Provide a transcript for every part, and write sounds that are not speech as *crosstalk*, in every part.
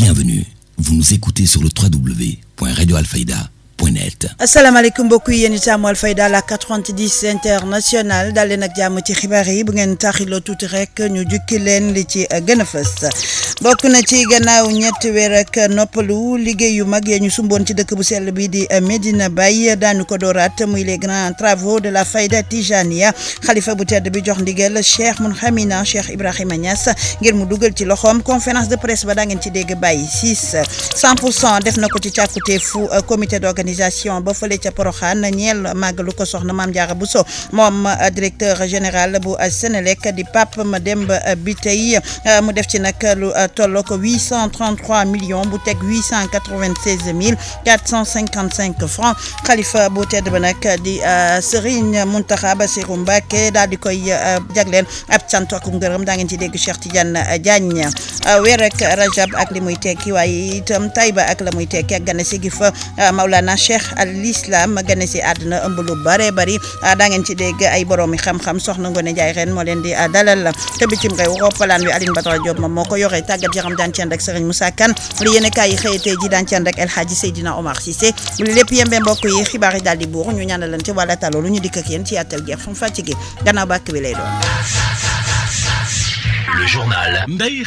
bienvenue. Vous nous écoutez sur le www.radioalfaïda.com. asalaamaaleykum mbokk yi yéen itam Alfayda la 90 international daal leen ak jàmm ci xibaar yi bu ngeen taxiloo tuuti rek ñu jukki leen li ci gëna a fës bokk na ci gannaaw ñetti weer ak noppalu liggéey yu mag yee ñu sumboon ci dëkk bu sell bi di Medina Baye daanu ko dooraat muy les grands travaux de la fayda tijania xalifa bu tedd bi jox ndigal Cheikh Mounhamina Cheikh Ibrahima Niass ngir mu dugal ci loxoom conférence de presse ba daa ngeen ci dégg Baye 6 100 pour def na ko ci càkkuteefu comité d'organisation organisation ba fële ca Poroxaan ñeel màggalu ko soxna Maam Jaara Bousso moom directeur général bu Sénélec di Pape Mademba Biteye euh, mu def ci nag lu tolloo ko 833 millions bu teg 896 mille 455 francs xalifa bu tedd ba nag di euh, Serigne Mountakha Bassirou Mbacké daal di koy euh, jagleel ab sant ak ngërëm daa ngeen ci dégg Cheikh Tidiane Diagne weer ak Rajab ak li muy tekki waaye itam Taïba ak la muy tekki ak gane si gi fa Maulana Cheikh al Islam a si àdduna ëmb lu bare bari ah, daa ngeen ci dégg ay boroomi xam-xam soxna Ngoné jaay xeen moo leen di ah, dalal te bitim réew roppalaan oh, wi Aline Batara Diop moom moo ko yoxee tàggat yaram daan ci ànd ak Serigne Moussa Kane li yéen kaay yi xëy tey ji daan ci ànd ak El Hadji Seydina Omar Cissé li lépp yembe mbokk yi xibaar yi daal di buur ñu ñaanalante wala taloo lu ñu dikk ak yéen ci yàttal gi ak fu gannaaw bàkk bi lay doon. Le journal Ndeye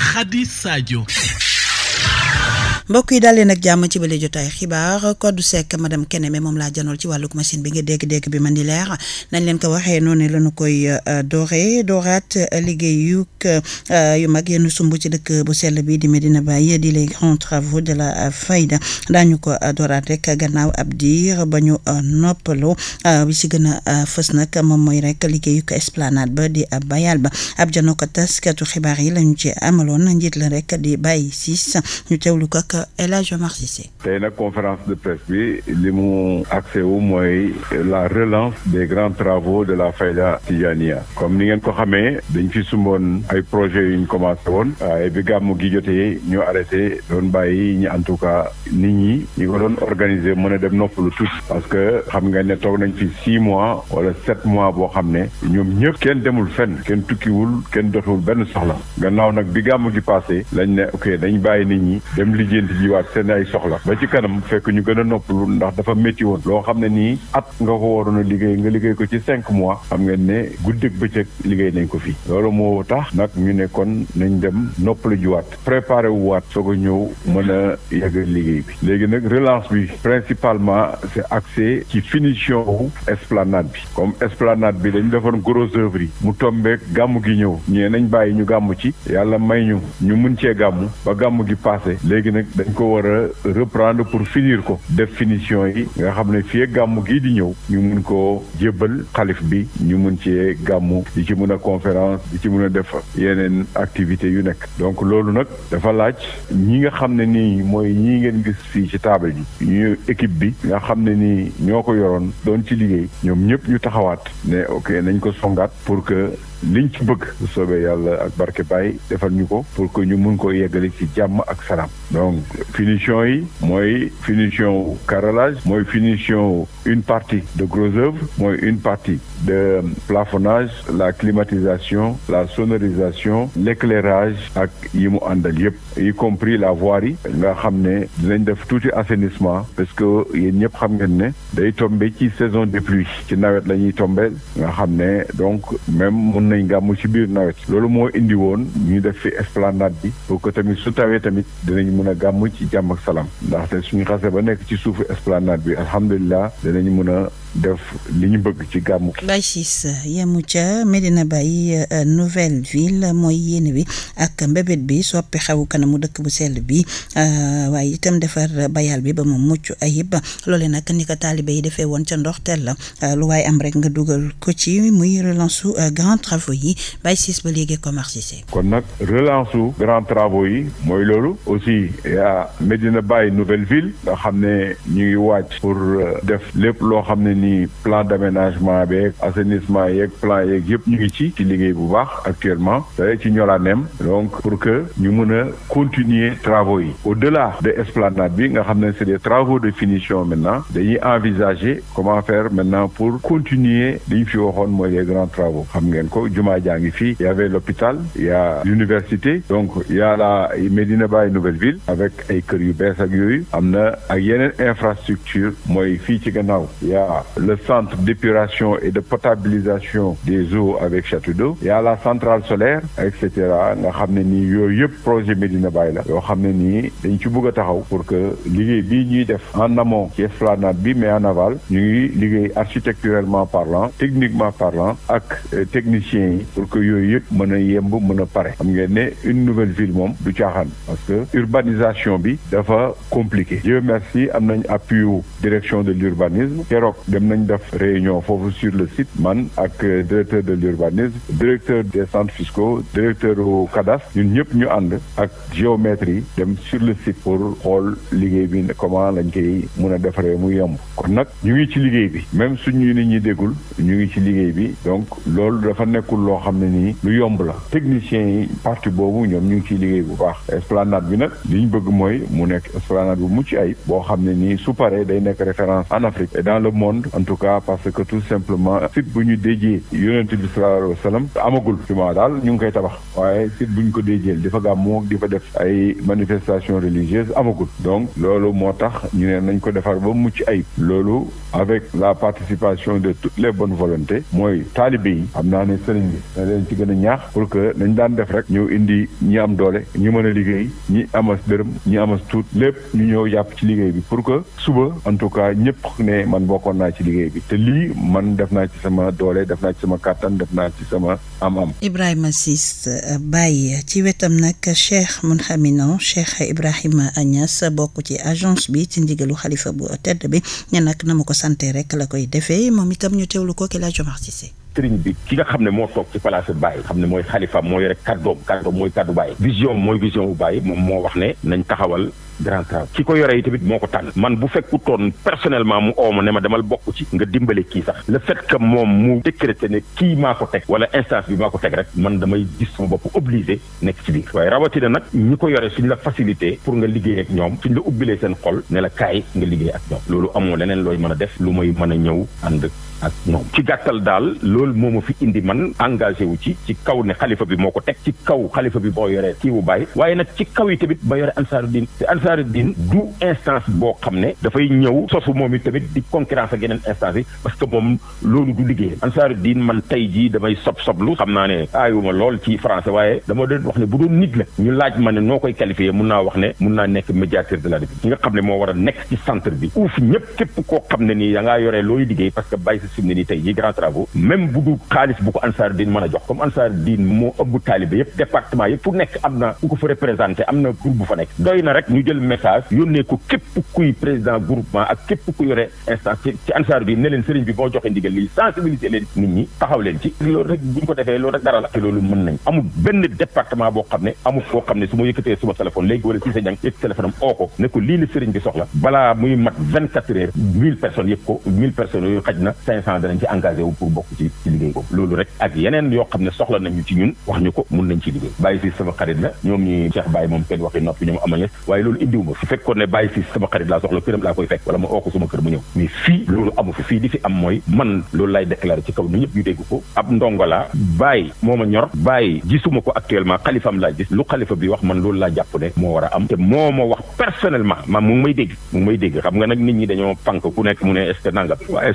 mbokk yi daal leen ak jàmm ci bële jotaay xibaar Codou Seck madame Keneme moom laa janool ci wàllug machine bi nga dégg-dégg bi man di leer nañ leen ko waxee noonu la ñu koy euh, dooree dooraat liggéey yu euh, yu mag yenn sumb ci dëkk bu sell bi di Medina Baye di les grands travaux de la euh, fayda daañu ko dooraat rek gannaaw ab diir ba ñu noppalu bi si gën a fës nag moom mooy rek liggéeyu ko esplanade ba di ab bayal ba ab janoo ko taskatu xibaar yi lañu ci amaloon njiit la rek El Hadj Omar Cissé tey nag conférence de presse bi li mu accès wu mooy la relance des grands travaux de la Fayda Tijaniya comme ni ngeen ko xamee dañ fi sumboon ay projet yu ñu commencé woon waaye bi gàmmu gi jotee ñu arrêté doon bàyyi ñi en tout cas nit ñi ñi ko doon organiser mën a dem noppalu tuuti parce que xam nga ne toog nañ fi six mois wala sept mois boo xam ne ñoom ñëpp kenn demul fenn kenn tukkiwul kenn doxewul benn soxla gannaaw nag bi gàmmu gi passé lañ ne ok lijjanti jiwaat seen ay soxla ba ci kanam fekk ñu gën a noppalu ndax dafa métti woon loo xam ne nii at nga ko waroon a liggéey nga liggéey ko ci cinq mois xam ngeen ne guddeeg bëccëg liggéey nañ ko fii loolu moo tax nag ñu ne kon nañ dem noppalu jiwaat préparé wu waat soog a ñëw mën a yeggal liggéey bi léegi nag relance bi principalement c'est axé ci finition wu bi comme esplanade bi dañ defoon gros yi mu tombeek gàmm gi ñëw ñee nañ bàyyi ñu gàmm ci yàlla may ñu ñu mun cee gàmm gàmm gi passé léegi nag dañ ko war a reprendre pour finir ko def finition yi nga xam ne fii gàmmu gii di ñëw ñu mun koo jébbal xalif bi ñu mën cee gàmmu di ci mun a conférence di ci mun a def yeneen activités yu nekk donc loolu nag dafa laaj ñi nga xam ne nii mooy ñii ngeen gis fii ci taabal ji ñu équipe bi nga xam ne nii ñoo ko yoroon doon ci liggéey ñoom ñëpp ñu taxawaat ne ok nañ ko songaat pour que liñ ci bëgg soobee yàlla ak barke bày defal ñu ko pour que ñu mun ko yeggale ci jàmm ak salaam donc finition yi mooy finition carrelage mooy finition une partie de gros œuvre mooy une partie de plafonage la climatisation la sonorisation l'éclairage ak yi mu àndal yëpp y compris la voirie nga xam ne dinañ def tuuti assainissement parce que yéen ñëpp xam ngeen ne day tombe ci saison de pluies ci nawet la ñuy tombe nga xam ne donc même mun nañ gàmmu ci biir nawet loolu moo indi woon ñu def fi esplanade bi pour que tamit su tawee tamit dinañ mën a gàmmu ci jàmm ak salaam ndaxte suñu xase ba nekk ci suufu esplanade bi alhamdulilah dinañ mën a def li ñu bëgg ci gàmmu gi. Baye Ciss yemu ca Medina Baye euh, nouvelle ville mooy yéene bi ak mbébét bi soppi kanam mu dëkk bu sell bi euh, waaye itam defar bayal bi ba mu mucc ayib loole nag ni ko taalibe yi defee woon ca ndox ndoxteel la euh, lu waaye am rek nga dugal ko ci muy relance grand travaux yi Baye Ciss ba léegi commerce yi. kon nag relance su grand travaux yi mooy loolu aussi ya Medina Baye nouvelle ville nga xam ne ñu ngi waaj pour def lépp loo xam ni plan d'aménagement beeg assainissement yeeg plan yeeg yëpp ñu ngi ci ci liggéey bu baax actuellement dale ci ñolaaneem donc pour que ñu mën a continue travaux yi au-delà de esplanade bi nga xam ne c'est des travaux de finition maintenant dañuy envisager comment faire maintenant pour continuer li ñu fi waxoon mooy les grands travaux xam ngeen ko jumaa jaa ngi fii y avait l'hôpital y a l'université donc y a la Médina Baye nouvelle ville avec ay kër yu bees ak yooyu am na ak yeneen infrastructure mooy fii ci gannaaw y le centre d'épuration et de potabilisation des eaux avec château de y a la centrale solaire et cetera nga xam ne nii yooyu yëpp projet Medina Baye la yoo xam ne nii dañu ci bëgg a taxaw pour que liggéey bii ñuy def en amont ci esplanade bi mais en aval ñu ngi liggéey architecturellement parlant techniquement parlant ak euh, techniciens yi pour que yooyu yëpp mën a yemb mën a pare xam ngeen ne une nouvelle ville moom du caaxaan parce que urbanisation bi dafa compliqué merci am nañ appui direction de l'urbanisme dem nañ def réunion foofu sur le site man ak euh, directeur de l'urbanisme directeur de sant fiscaux directeur au cadastre ñun ñëpp ñu ànd ak géomètrie dem sur le site pour xool liggéey bi comment lañ koy mun a defaree mu yomb kon nag ñu ngi ci liggéey bi même suñu nit ñi déggul ñu ngi ci liggéey bi donc loolu dafa nekkul loo xam ne nii lu yomb la techniciens yi parti boobu ñoom ñu ngi ciy liggéey bu baax esplanade bi nag li ñu bëgg mooy mu nekk esplanade bu mucc ayib boo xam ne nii su paree day nekk référence en Afrique dans le monde en tout cas parce que tout simplement site bu ñu déjee yonent bi sallallahu alayhi amagul jumaa daal ñu ngi koy tabax waaye site bu ñu ko déjeel di fa moo di def ay manifestation religieuse amagul donc loolu moo tax ñu ne nañ ko defar ba mucc ay loolu avec la participation de toutes les bonnes volontés mooy taalibe yi xam naa ne sëriñ bi na leen ci gën a ñaax pour que nañ daan def rek ñëw indi ñi am doole ñi mën a liggéey ñi amas dërëm ñi amas tuut lépp ñu ñëw jàpp ci liggéey bi pour que suba en tout cas ñëpp man bokkoon naa ci ci liggéey bi te lii man def naa ci sama doole def naa ci sama kàttan def naa ci sama am-am. Ibrahima Ciss euh, Baye ci wetam nag Cheikh Mounhamina Cheikh Ibrahima sa bokk ci agence bi ci ndigalu xalifa bu tedd bi ña nag na ma ko sante rek la koy defee moom itam ñu teewlu ko ki la Jomar sëriñ bi ki nga xam ne moo toog ci palaasu Baye xam ne mooy xalifa moo yore kàddoom kàddoom mooy kàddu Baye vision mooy vision bu Baye moom moo wax ne nañ taxawal grand travail ki ko yore yi tamit moo ko tànn man bu fekkutoon personnellement mu ooma ne ma demal bokk ci nga dimbale kii sax le fait que moom mu décrété ne kii maa ko teg wala instance bi maa ko teg rek man damay gis sama bopp obligé nekk ci waaye rawatina nag ñi ko yore suñ la facilité pour nga liggéey ak ñoom suñ la ubbilee seen xol ne la kaay nga liggéey ak loolu amoo leneen looy mën a def lu may mën a ñëw ànd ak ñoom ci gàttal daal loolu moo ma fi indi man engagé wu ci ci kaw ne xalifa bi moo ko teg ci kaw xalifa bi boo yoree kii wu bàyyi waaye nag ci kaw yi tamit ba yore ansaaru diin te ansaaru diin du instance boo xam ne dafay ñëw sosu moom it tamit di concurrence ak yeneen instance yi parce que moom loolu du liggéeyam ansaaru diin man tey jii damay sob soblu xam naa ne aayuma lool ci français waaye dama doon wax ne bu doon nit la ñu laaj ma ne noo koy qualifié mun wax ne mun naa nekk médiateur de la xam ne moo war nekk ci centre bi uuf ñëpp koo xam ne nii da ngaa yore looy parce que bàyyi fi mu ne grand travaux même bu xaalis bu ko diin a jox comme ansaar diin moo ëmb taalibe yëpp département yëpp fu nekk am na ku ko fa représenté am na groupe bu fa nekk doy na rek ñu jël message yónnee ko képp kuy président groupement ak képp ku yore instance ci ansaar diin ne leen sëriñ bi boo joxe ndigal lii sensibiliser leen nit ñi taxaw leen ci loolu rek bu ko defee loolu rek dara la te loolu mën nañ amul benn département boo xam ne amul koo xam ne su ma yëkkatee suma téléphone léegi instant danañ ci engagé wu pour bokk ci liggéey boobu loolu rek ak yeneen yoo xam ne soxla nañu ci ñun wax ñu ko mun nañ ci liggéey bàyyi siis sama xarit la ñoom ñi Cheikh Baye moom kenn waxi noppi ñoom amañes waaye loolu indiwu ma su fekkoon ne bàyyi siis sama xarit laa soxla këram laa koy fekk wala ma oo ko suma kër mu ñëw mais fii loolu amu fi fii di fi am mooy man loolu lay déclaré ci kaw ñu ñëpp ñu dégg ko ab ndongo laa bàyyi moo ma ñor bàyyi gisuma ko actuellement xalifam laa gis lu xalifa bi wax man loolu laa jàpp ne moo war a am te moo ma wax personnellement ma mu ngi may dégg mu ngi may xam nga nag nit ñi dañoo pànk ku nekk mu ne est-ce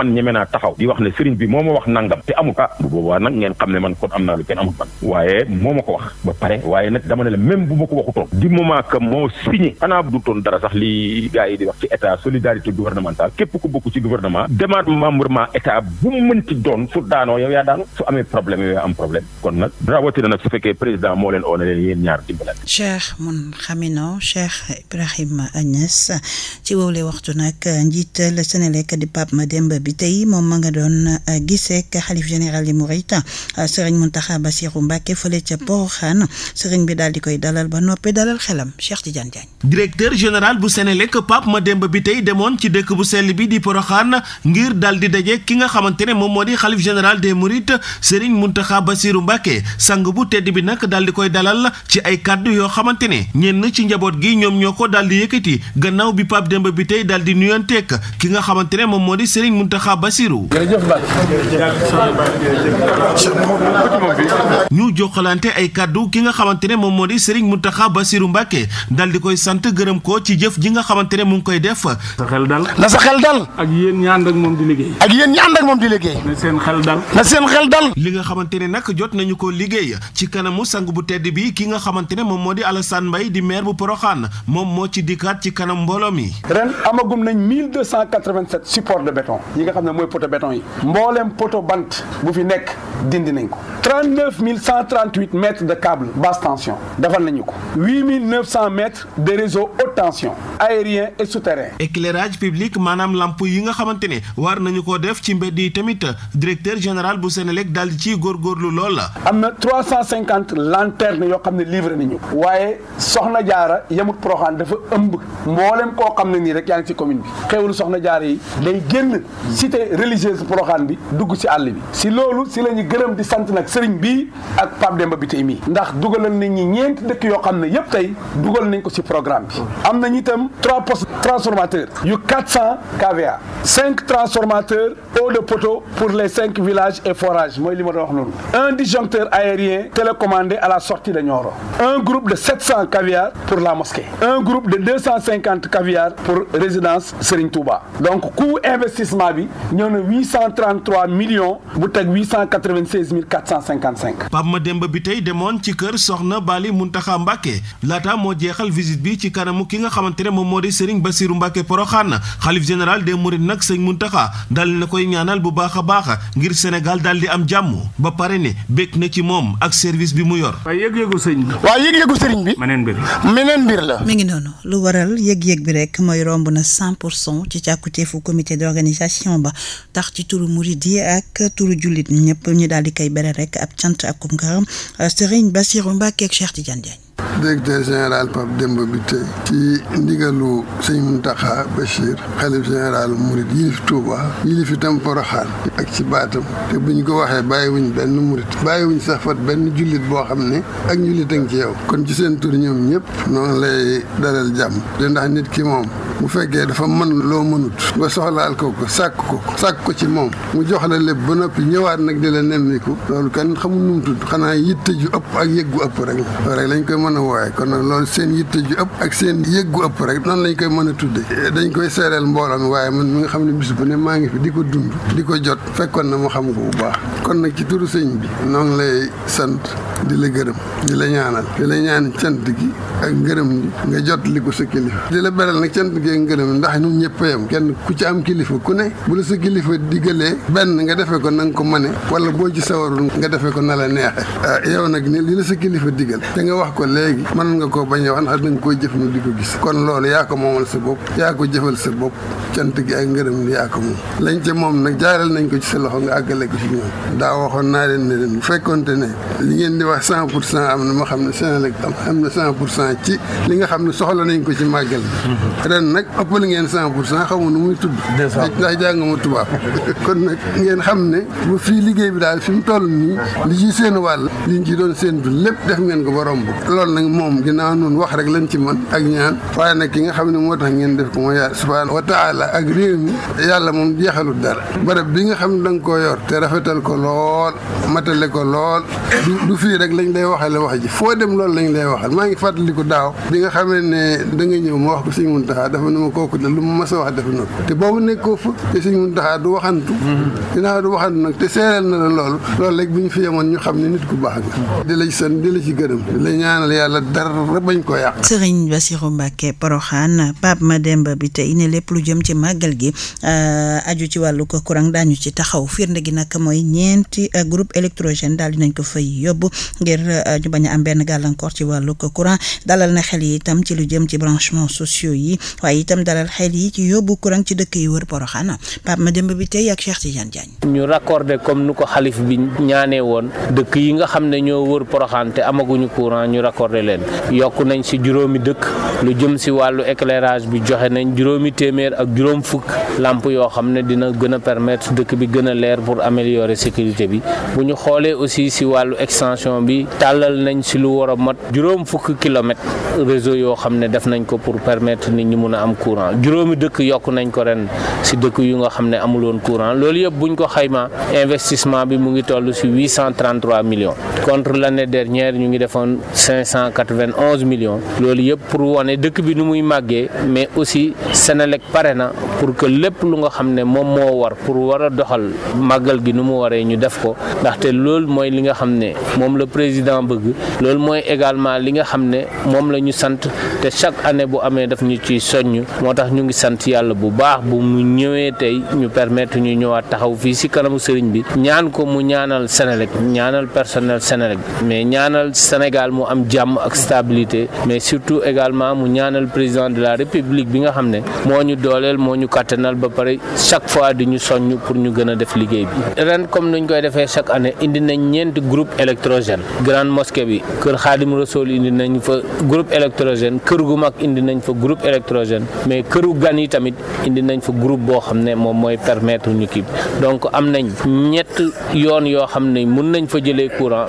man ñeme naa taxaw di wax ne sëriñ bi moo ma wax nangam te amul ah bu boobaa nag ngeen xam ne man kon am naa lu kenn amul man waaye moo ma wax ba pare waaye nag dama ne la même bu ma ko waxutoon di moment moo signé xanaa bu dutoon dara sax li gars yi di wax ci état solidarité gouvernementale képp ku bokk ci gouvernement demande état bu mu doon su daanoo yow daanu su amee problème yow am problème kon nag rawatina nag su fekkee président bi tey moom ma nga doon euh, giseek xalif général euh, bi daal di koy dalal ba noppi dalal xelam Cheikh Tidiane Diagne. directeur général bu Sénélec Pape Mademba bi tey demoon ci dëkk bu sell bi di Porokhane ngir dal di daje ki nga xamante ne moom moo di xalif général des Mourides sëriñ Mountakha Bassirou Mbacké sang bu tedd bi nag daal di koy dalal ci ay kàddu yoo xamante ne ñenn ci njaboot gi ñoom ñoo ko daal di gannaaw bi Pape Demba bi tey daal di nuyanteeg ki nga xamante moom moo di sëriñ Mountakha Mountakha Bassirou ñu jokkalante ay kàddu ki nga xamante ne moom moo di Serigne Mountakha Bassirou Mbacké dal di koy sant gërëm ko ci jëf ji nga xamante ne mu ngi koy def. sa xel dal. na sa xel dal. ak yéen ñi ànd moom di liggéey. ak yéen ñi ànd ak moom di liggéey. na seen xel dal. na seen xel dal. li nga xamante ne nag jot nañu ko liggéey ci kanamu sang bu tedd bii ki nga xamante ne moom moo di Alassane mbay di maire bu Porokhane moom moo ci dikkaat ci kanam mbooloo mi. ren amagum nañ 1287 supports de béton. yi nga xam ne mooy poto béton yi mboolem poto bant bu fi nekk dindi nañ ko 39 138 mètres de câble basse tension defal nañu ko 8 900 mètres de réseau haute tension aérien et souterrain. éclairage public maanaam lamp yi nga xamante ne war nañu ko def ci mbedd yi tamit directeur général bu Sénélec daal di góor góorlu lool la. am na 350 lanternes yoo xam ne livré nañu waaye soxna jaara yemut proxaan dafa ëmb mboolem koo xam ne nii rek yaa ngi ci commune bi xewlu soxna jaara yi cité religieuse Porokhane bi dugg ci àll bi si loolu si la ñu gërëm di sant nag sëriñ bi ak Pape Demba bi tey mii ndax dugalal nañ ñi ñeenti dëkk yoo xam ne yëpp tey dugal nañ ko si programme bi am nañ itam trois postes transformateurs yu quatre cent kVA cinq transformateur eau de poteau pour les cinq villages et forages mooy li ma doon wax noonu un disjoncteur aérien télécommandé à la sorti de Nioro un groupe de sept cent caviar pour la mosquée un groupe de deux cent cinquante caviar pour résidence Serigne bi ñëw na 833 millions bu teg 896 455. Pape Mademba bi tey demoon ci kër Soxna Bali Muntaxa Mbàkke laata moo jeexal visite bi ci kanamu ki nga xamante ne moom moo di Serigne Bassirou Mbàkke Poroxaan xalif général des Mourides nag sëñ Muntaxa dal na koy ñaanal bu baax a baax ngir Sénégal daal di am jàmm ba pare ne bég na ci moom ak service bi mu yor. waaw yëg-yëgu sëñ bi. sëriñ bi. meneen mbir la meneen mbir ngi noonu lu waral yëg-yëg bi rek mooy romb na 100 pour cent ci càkkutéefu comité d'organisation. fédération tax ci turu murid yi ak turu jullit ñëpp ñu daal di koy bere rek ab cant ak kum ngërëm Serigne Bassirou Mbacké ak Cheikh Tidiane Diagne directeur général Pape Demba Bitèye ci ndigalu sëñ Mountakha Bachir xalif général murit yilif Touba yilif itam Porokhane ak ci baatam te buñ ko waxee bàyyiwuñ benn murit bàyyiwuñ sax fat benn jullit boo xam ne ak jullit a ci yow kon ci seen tur ñoom ñëpp noonu lay dalal jàmm de ndax nit ki moom bu fekkee dafa mën loo mënut nga soxlaal ko ko sàkk ko sàkk ko ci moom mu jox la lépp ba noppi ñëwaat nag di la nemmiku loolu kenn xamu nu xanaa ëpp ak yëggu ëpp mën a wooye kon loolu seen yitte ju ëpp ak seen yëg gu ëpp rek noonu lañ koy mën a tudde dañ koy seereel mbooloo waaye man mi nga xam ne bis bu ne maa ngi fi di ko dund di ko jot fekkoon na mu xam ko bu baax kon nag ci turu sëñ bi noo ngi lay sant di la gërëm di la ñaanal di la ñaan cant gi ak ngërëm gi nga jot li ko sa kilifa di la beral nag cant gi ak ngërëm ndax ñun ñëpp yam kenn ku ci am kilifa ku ne bu la sa kilifa diggalee benn nga defee ko na nga ko mane wala boo ci sawarul nga defee ko na la neexe ah, yow nag léegi mën nga koo bañ a wan ak da nga koy jëf ñu di ko gis kon loolu yaa ko moomal sa bopp yaa ko jëfal sa bopp cant gi ak ngërëm li yaa ko moom lañ ca moom nag jaaral nañ ko ci sa loxo nga àggale ko ci ñoom daa waxoon naa leen ne leen bu fekkonte ne li ngeen di wax cent pour cent am na ma xam ne Senelec am na cent pour cent ci li nga xam ne soxla nañ ko ci màggal ren nag ëppal ngeen cent pour cent xamu nu muy tudd ndax jànguma tubaab *laughs* kon nag ngeen xam ne bu fii liggéey bi daal fi mu toll nii li ci seen wàll liñ ci doon seen du lépp def ngeen ko ba romb loolu kon nag moom ginnaaw nun wax rek lañ ci mën ak ñaan waaye nag ki nga xam ne moo tax ngeen def ko mooy yàlla subhaanahu wa ak réew mi yàlla moom jeexalul dara barab bi nga xam ne da te rafetal ko lool matale ko lool du fii rek lañ lay waxale wax ji foo dem loolu lañ lay waxal maa ngi fàttaliku daaw bi nga xamee ne da nga ñëw ma wax ko sëñ Muntaxa dafa ne ma kooku de lu mu mas a wax def na te boobu nekkoo fa te sëñ Muntaxa du waxantu du waxantu nag te seereel na la loolu loolu rek bu ñu fi yemoon ñu xam ne nit ku baax nga di la ci sant di ci gërëm di ñaanal yàlla dara bañ ko yàq. Serigne Bassirou Mbacké Porokhane Pape Mademba bi tey ne lépp lu jëm ci màggal gi euh, aju ci wàllu ko courant daañu ci taxaw firnde gi nag mooy ñeenti euh, groupe électrogène daal dinañ ko fay yóbbu ngir euh, ñu bañ am benn gàllankoor ci wàllu ko courant dalal na xel yi itam ci lu jëm ci branchement sociaux yi waaye itam dalal xel yi ci yóbbu courant ci dëkk yi wër Porokhane ma Mademba bi tey ak Cheikh Tidiane Diagne. ñu raccordé comme nu ko xalif bi ñaanee woon dëkk yi nga xam ne ñoo wër Porokhane te amaguñu courant ñu raccordé raccordé leen yokk nañ si juróomi dëkk lu jëm si wàllu éclairage bi joxe nañ juróomi téeméer ak juróom fukk làmp yoo xam ne dina gën a permettre dëkk bi gën a leer pour améliorer sécurité bi bu ñu xoolee aussi si wàllu extension bi tàllal nañ si lu war a mat juróom fukk kilomètres réseau yoo xam ne def nañ ko pour permettre nit ñu mun a am courant juróomi dëkk yokk nañ ko ren si dëkk yu nga xam ne amuloon courant loolu yëpp buñ ko xayma investissement bi mu ngi toll si 833 millions contre l'année 791 millions loolu yëpp pour wane dëkk bi nu muy màggee mais aussi Senelec pare na pour que lépp lu nga xam ne moom moo war pour war a doxal màggal gi nu mu waree ñu def ko ndaxte lool mooy li nga xam ne moom la président bëgg loolu mooy également li nga xam ne moom la ñu sant te chaque année bu amee daf ñu ciy soññ moo tax ñu ngi sant yàlla bu baax bu mu ñëwee tey ñu permettre ñu ñëwaat taxaw fii si kanamu sëriñ bi ñaan ko mu ñaanal Senelec ñaanal personnel Senelec jàmm ak stabilité mais surtout également mu ñaanal président de la république bi nga xam ne moo ñu dooleel moo ñu kattanal ba pare chaque fois di ñu soññ pour ñu gën a def liggéey bi ren comme nuñ koy defee chaque année indi nañ ñeenti groupe électrogène grande mosquée bi kër Xaadim Rasool indi nañ fa groupe électrogène mais këru gan yi tamit indi nañ fa groupe boo xam ne moom mooy permettre ñu kii donc am nañ ñett yoon yoo xam ne mun nañ fa jëlee courant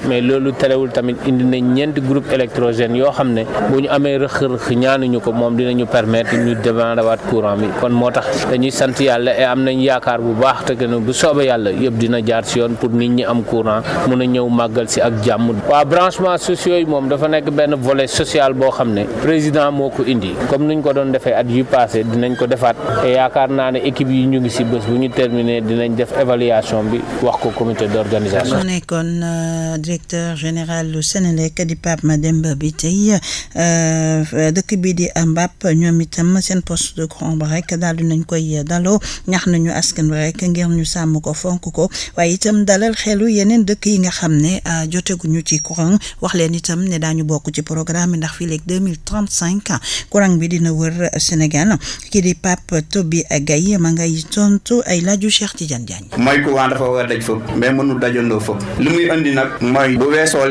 électrogènes yoo xam ne bu ñu amee rëq-rëq ñaanuñu ko moom dinañu permettre ñu démarrer courant bi kon moo tax dañuy sant yàlla et am nañ yaakaar bu baax te gën a bu soobee yàlla yëpp dina jaar si yoon pour nit ñi am courant mun a ñëw màggal si ak jàmm. waa branchement sociaux yi moom dafa nekk benn volet social boo xam ne président moo ko indi comme nuñ ko doon defee at yu passé dinañ ko defaat et yaakaar naa ne équipe yi ñu ngi si bés bu ñu terminé dinañ def évaluation bi wax ko comité d'organisation. mu nekkoon euh, directeur général lu démb bi tey euh, dëkk bi di Mbap ñoom itam seen poste de courant ba rek daal di nañ koy daloo ñax nañu askan bi rek ngir ñu sàmm ko fonk ko waaye itam dalal xelu yeneen dëkk yi nga xam ne euh, joteguñu ci courant wax leen itam ne daañu bokk ci yi ndax fii léegi deux mille trente cinq courant bi dina wër Sénégal ki di Pape Toby Gaye ma ngay tontu ay laaju Cheikh Tidiane Diagne. mooy courant dafa war a daj fëpp mais mënul dajandoo fëpp li muy andi nag mooy bu weesoo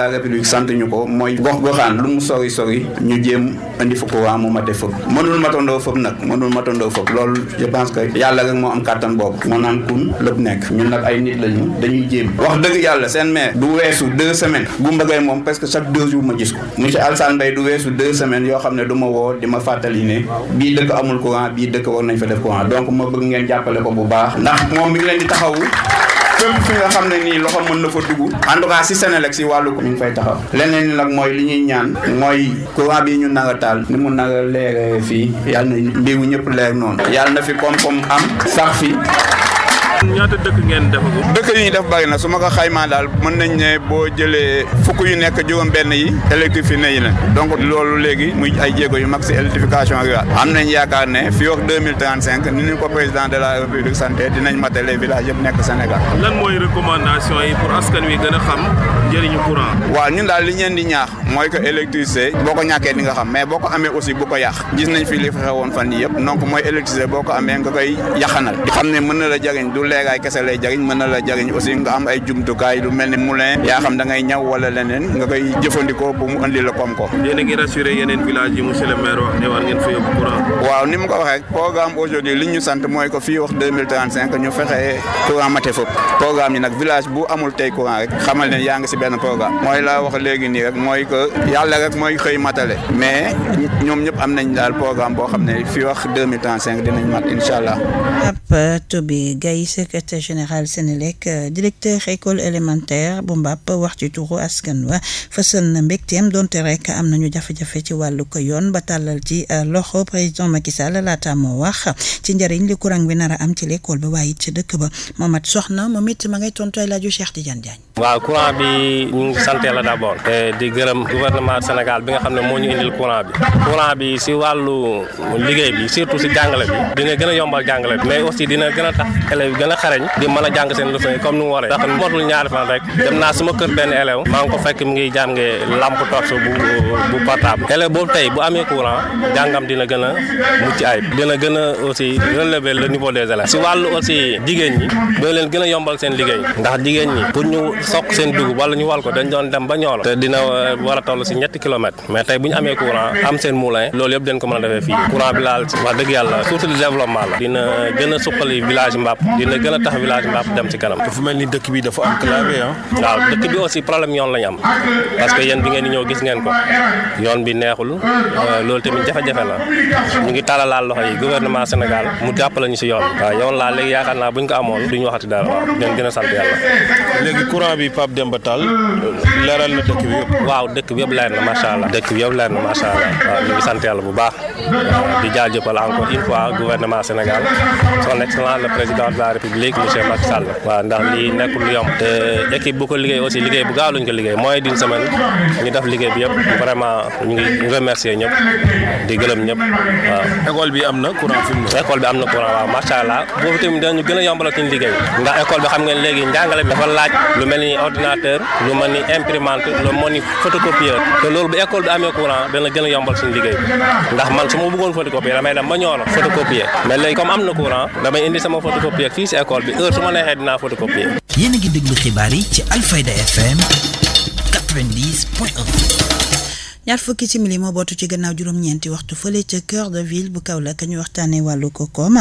la république sant ñu ko mooy gox goxaan lu mu sori sori ñu jéem indi fa courant mu mate fëpp mënul matandoo fëpp nag loolu je pense que yàlla rek moo am kàttan boobu moo naan kun lépp nekk ñun nag ay nit lañu dañuy jéem wax dëgg yàlla seen maire du weesu deux semaines Goumba Gaye moom presque chaque deux jours ma gis ko monsieur Alassane Mbaye du weesu deux semaines yoo xam ne du ma woo di ma fàttali ne bii dëkk amul courant bii dëkk war nañ fa def courant donc ma bëgg jàppale ko bu baax fépp fi nga xam ne nii loxo mën na fa dugg en tout cas si Sénélec si wàllu ko ñu ngi fay taxaw leneen nag mooy li ñuy ñaan mooy courant bi ñu naga taal ni mu naga leeree fii yàlla na mbiru ñëpp leer noonu yàlla na fi koom-koom am sax fi ñaata dëkk ngeen defagum. dëkk na su ma ko xaymaa daal mën nañ ne nekk benn yi électrifié nañ la donc loolu léegi muy ay jéego yu mag si électrification rurale am nañ yaakaar ne fii wax deux mille trente cinq ni ñu ko président de la république Sénégal. lan mooy recommandation yi pour askan wi gën a xam njëriñu ñun daal li ñu di ñaax mooy que électricité boo ko ñàkkee di nga xam mais boo ko amee aussi bu ko yàq gis nañ fi li fan yii yëpp mooy électricité boo ko amee nga koy yàqanal xam ne mën na la jariñ du leeraay kese lay jariñ mën na la jariñ aussi nga am ay jumtukaay lu mel ni moulin yaa xam da ngay ñaw wala leneen nga koy jëfandikoo bu mu andi la koom ko yéen a ngi rassuré yeneen village yi monsieur le maire wax ne war ngeen fa courant waaw ni mu ko waxee programme aujourd'hui li ñu sant mooy ko fii wax courant mate fëpp programme yi nag village bu amul tey courant rek xamal ne yaa ngi si benn programme mooy laa wax léegi nii rek mooy que yàlla rek mooy xëy matale mais ñoom ñëpp am nañ daal programme boo xam ne fii wax 2035 dinañ mat incha allah secrétaire général Sénélec euh, directeur école élémentaire bu Mbàpp wax ci turu askan wa fësal na mbégteem donte rek am na ñu jafe-jafe ci wàllu ko yoon ba tàllal ci euh, loxo président Macky Sall laata moo wax ci njëriñ li courant bi nar am ci l'école bi waaye it ci dëkk ba Momat Soxna moom it ma ngay tontoy laaju Cheikh Tidiane Diagne waaw courant bi ñu sant la d'abord di gërëm gouvernement Sénégal bi nga xam ne moo ñu indil courant bi courant si wàllu liggéey bi surtout si jàngale bi dina gën a xarañ di mën a jàng seen leçon yi comme ni mu waree ndax motul ñaari fan rek a mucc gën a aussi relever le niveau des élèves si wàllu aussi jigéen ñi doo leen gën a yombal seen liggéey ndax jigéen ñi pour ñu soq seen dugub wala ñu wal ko dañ doon dem ba ñoolo te dina euh, war a toll si ñetti kilomètres mais tey bu ñu amee courant am seen moulin loolu yëpp dañ ko mën a defee fii courant bi laal wax dëgg yàlla surtout développement la dina gën a village Mbap gën a tax village Mbapp dem ci kanam. dafa mel ni dëkk bi dafa am enclavé ah. waaw dëkk bi aussi problème yoon la ñu am parce que yéen bi ngeen ñëw gis ngeen ko yoon bi neexul euh, loolu tamit jafe-jafe la mu ngi tàllalaal loxo yi gouvernement Sénégal mu jàpp ñu si yoon. waaw yoon laa léegi yaakaar naa bu ñu ko amoon duñu waxati dara waaw dinañ gën a sant yàlla. léegi courant bi Pape Demba Tall euh, leeral na dëkk bi yëpp. waaw dëkk bi yëpp leer na macha allah. dëkk bi yëpp leer na macha allah waaw ñu ngi bu baax di jaajëfal encore une fois gouvernement Sénégal la République monsieur Macky Sall waaw ndax lii nekkul lu yomb te équipe bu ko liggéey aussi liggéey bu gaaw lañ ko liggéey moins d'une semaine ñu def liggéey bi yëpp vraiment ñu ngi remercier di gërëm ñëpp waaw. école bi am na courant fi mu école bi am na courant waaw macha allah boobu liggéey ndax école bi xam ngeen léegi njàngale bi dafa laaj lu mel ni ordinateur lu mel ni imprimante lu mel ni photocopieur te loolu bu école bi amee courant dana gën a yombal suñu liggéey ndax man su ma bëggoon photocopier damay dem ma ñoo la photocopier mais léegi comme am na si école bi heure su ma neexee yéen a ngi déglu xibaar yi ci Alfayda FM 90 point ñaar fukki simili moo bootu ci gannaaw juróom-ñeenti waxtu fële ca cœur de ville bu Kaolack ñu waxtaanee wàllu ko koom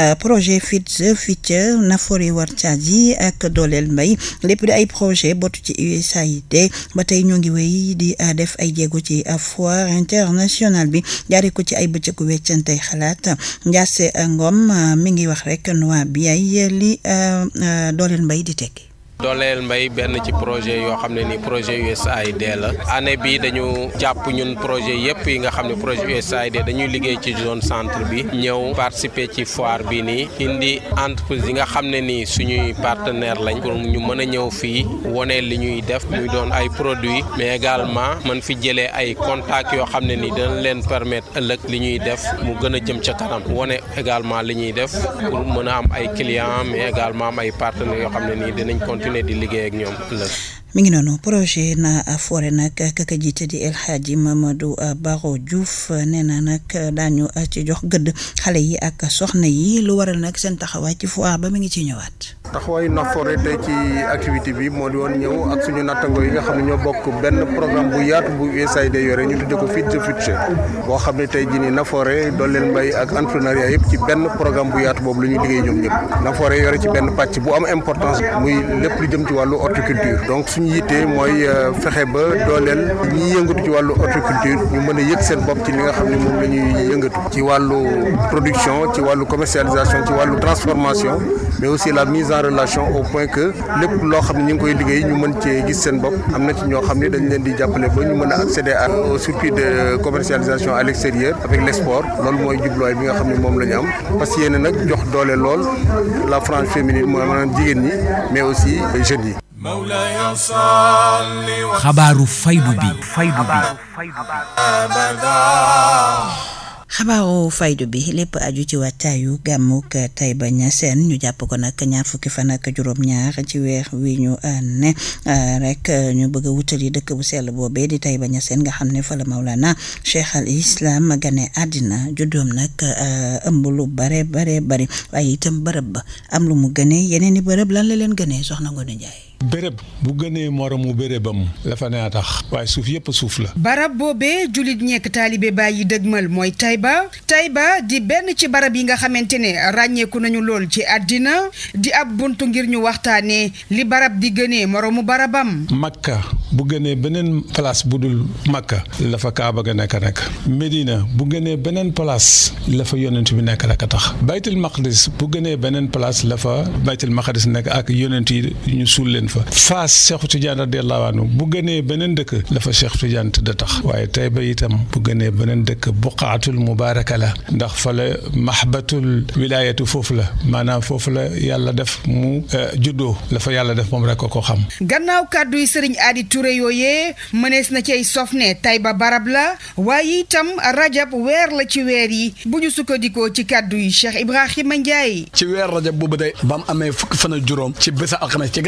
euh, projet Feed the war Nafori Wartaji ak dooleel mbay lépp di ay projet bootu ci USAID ba tey ñoo ngi wéy di euh, def ay jéego ci foire internationale bi jaaree ko ci ay bëccëgu tey xalaat Ndiasse Ngom euh, mi ngi wax rek noa bi ay li dooleel mbay di tekki. dooleel mbay benn ci projet yoo xam ne ni projet USAID la année bi dañu jàpp ñun projet yëpp yi nga xam ne projet USAID dañuy liggéey ci zone centre bi ñëw participer ci foire bi nii indi entreprise yi nga xam ne nii suñuy partenaire lañ pour ñu mën a ñëw fii wone li ñuy def muy doon ay produits mais également man fi jëlee ay contacts yoo xam ne nii dana leen permettre ëllëg li ñuy def mu gën a jëm ca kanam wone également li ñuy def pour mën am ay clients mais également ay partenaires yoo xam ne nii dinañ continuer di liggéey ak ñoom ëllëg mi ngi noonu projet na forêt nag kaka jiite di El Hadji Mamadou baaxoo Diouf nee na nag daañu ci jox gëdd xale yi ak soxna yi lu waral nag seen taxawaay ci foire ba mi ngi ci ñëwaat. taxawaayu na forêt tey ci activité bi moo di woon ñëw ak suñu nattango yi nga xam ne ñoo bokk benn programme bu yaatu bu USAID yore ñu tuddee ko Feed the Future boo xam ne tey jii nii na forêt doon leen ak entrepreneuriat yëpp ci benn programme bu yaatu boobu lu ñu liggéey ñoom ñëpp na forêt yore ci benn pàcc bu am muy lépp lu jëm ci wàllu horticulture donc yitte mooy euh, fexe ba dooleel ñi yëngatu ci wàllu horticulture ñu mën a yëg seen bopp ci li nga xam ne moom la ñuy yëngatu ci wàllu production ci wàllu commercialisation ci wàllu transformation mais aussi la mise en relation au point que lépp loo xam ne ñu ngi koy liggéey ñu mën cee gis seen bopp am na ci ñoo xam ne dañu leen di jàppale ba ñu mën a accéder à au circuit de commercialisation à l'extérieur avec l'export loolu mooy jubluwaay bi nga xam ne moom la ñu am parce que yéen nag jox doole lool la frange féminine mooy jigéen ñi mais aussi jeunes yi xabaaru faydu bi faydu bi lépp aju ci wàccaayu gàmmuk Taïba Niassène ñu jàpp ko nag ñaar fukki fan ak juróom-ñaar ci weex wi ñu euh, ne euh, rek euh, ñu bëgg a yi dëkk bu sell boobee di Taïba Niassène nga xam ne fa la Mawlana Cheikh al Islam gane àddina juddoom nag ëmb lu bare bare bari waaye itam bërëb ba am lu mu gënee yeneen i bërëb lan la leen gënee soxna Ngoné Ndiaye. béréb bu gënee moromu bérébam la fa ne a tax waaye suuf yépp suuf la barab boobee jullit ñekk taalibe bàyyi dëgmal mooy tay ba Taïba Taïba di benn ci barab yi nga xamante ne ràññeeku nañu lool ci àddina di ab bunt ngir ñu waxtaanee li barab di gënee moromu barabam Makka bu gënee beneen place bu dul Makka la fa Kaaba ga nekk nag Medina bu gënee beneen place lafa fa yonent bi nekk rek a tax Baytul Maqdis bu gënee beneen place la Baytul Maqdis nekk leen fa Faas Cheikh Tidiane radiyallahu anhu bu gënee beneen dëkk la fa Cheikh Tidiane tëdd tax waaye Taïba tam bu gënee beneen dëkk buqaatul mubaaraka la ndax fa la mahbatul wilaayatu foofu la maanaam foofu la yàlla def mu eh, juddoo la fa yàlla def moom rek ko ko xam. gannaaw kàddu yi Serigne Adi Touré yooyee mënees na cay sof ne Taïba barab la waaye itam rajab weer la ci weer yi bu ñu sukkandikoo ci kàddu yi Cheikh Ibrahima Ndiaye. ci weer rajab boobu day ba mu amee fukki fan ak juróom ci bés ci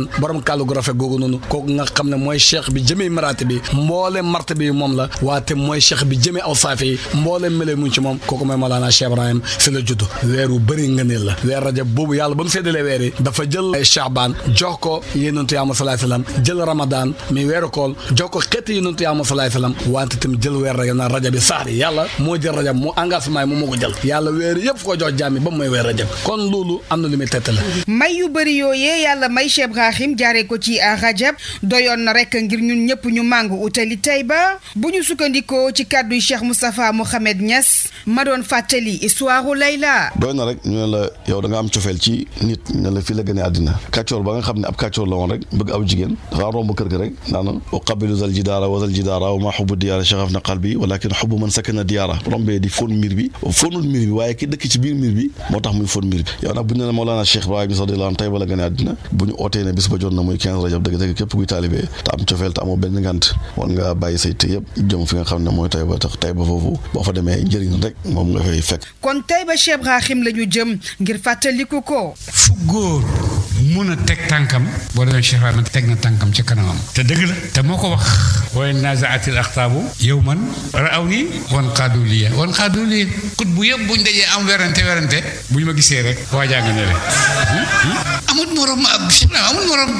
ndeysaan borom kàllu gu rafet googu noonu kooku nga xam ne mooy cheikh bi jëmee maraate bi mboole marte bi moom la waate mooy cheikh bi jëmee aw saafi yi mboole melee mun ci moom kooku mooy Mawlana Cheikh Ibrahim si la judd weeru bëri ngëneel la weer rajab boobu yàlla ba mu séddalee weer yi dafa jël Chaabaan jox ko yonentu Yàlla salaay salaam jël Ramadan mi weeru kool jox ko xeeti yonentu Yàlla salaay salaam wante tam jël weer rajab naan rajab bi saar yi moo jël rajab mu engagement yi moom moo ko jël yàlla weer yëpp ko jox jaam yi ba mu may weer rajab kon Ibrahim jaaree ko ci euh, Rajab doyoon na rek ngir ñun ñëpp ñu màngu utali tey ba bu ñu sukkandikoo ci kàdduy Cheikh Moustapha Mohamed Niass ma doon fàttali histoire Layla. doy na rek ñu ne la yow da nga am cofeel ci nit ne la fii la gënee àddina kàccoor ba nga xam ne ab kàccoor la woon rek bëgg aw jigéen dafa romb kër ga rek naan uqabilu zal jidaara wa zal jidaara wa ma xubbu diyaara shaxaf na qalbi walakin xubbu man sakana diyaara rombee di fóon miir bi fóonul miir bi waaye ki dëkk ci biir miir bi moo tax muy fóon miir bi yow nag bu ñu ne Mawlana Cheikh Ibrahim radiyallahu anhu tey ba la gënee àddina bu ñu ootee ne bis ba jot na muy 15 rajab dëgg-dëgg képp kuy taalibe te am cofeel te amoo benn ngant war nga yëpp jëm fi nga xam ne mooy tay ba tax tay ba foofu boo fa demee njëriñ rek moom nga fay fekk kon tay ba Cheikh Ibrahim la ñu jëm ngir fàttaliku ko fu góor mun a teg tànkam boo demee Cheikh nag teg na tànkam ci kanamam te dëgg te moo ko wax waaye nazaatil axtaabu yow man raaw ni wan xaadu liya wan xaadu bu yëpp buñ dajee am werante werante bu ñu ma gisee rek waajaa nga amut morom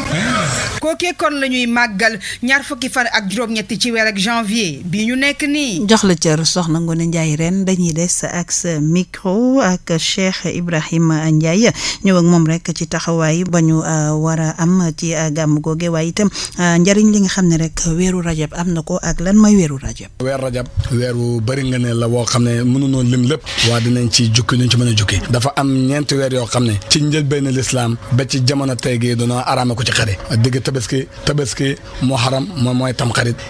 kookee kon la màggal ñaar fukki fan ak juróom-ñetti ci weer ak janvier bi ñu nekk nii. jox la cër soxna Ngoné Ndiaye ren dañuy des ak sa micro ak Cheikh Ibrahima Ndiaye ñëw ak moom rek ci taxawaay ba ñu euh, war a am ci euh, gàmm googe waaye itam euh, njëriñ li nga xam ne rek weeru rajab am na ko ak lan mooy weeru rajab. weer rajab weeru bëri nga ne la woo xam ne mënuñoo lim lépp. waa dinañ ci jukki ñu ci mën a jukki dafa am ñeenti weer yoo xam ne. ci njëlbéenu lislaam ba ci jamono tey gi dañoo xaraame ko ci moo xaram moom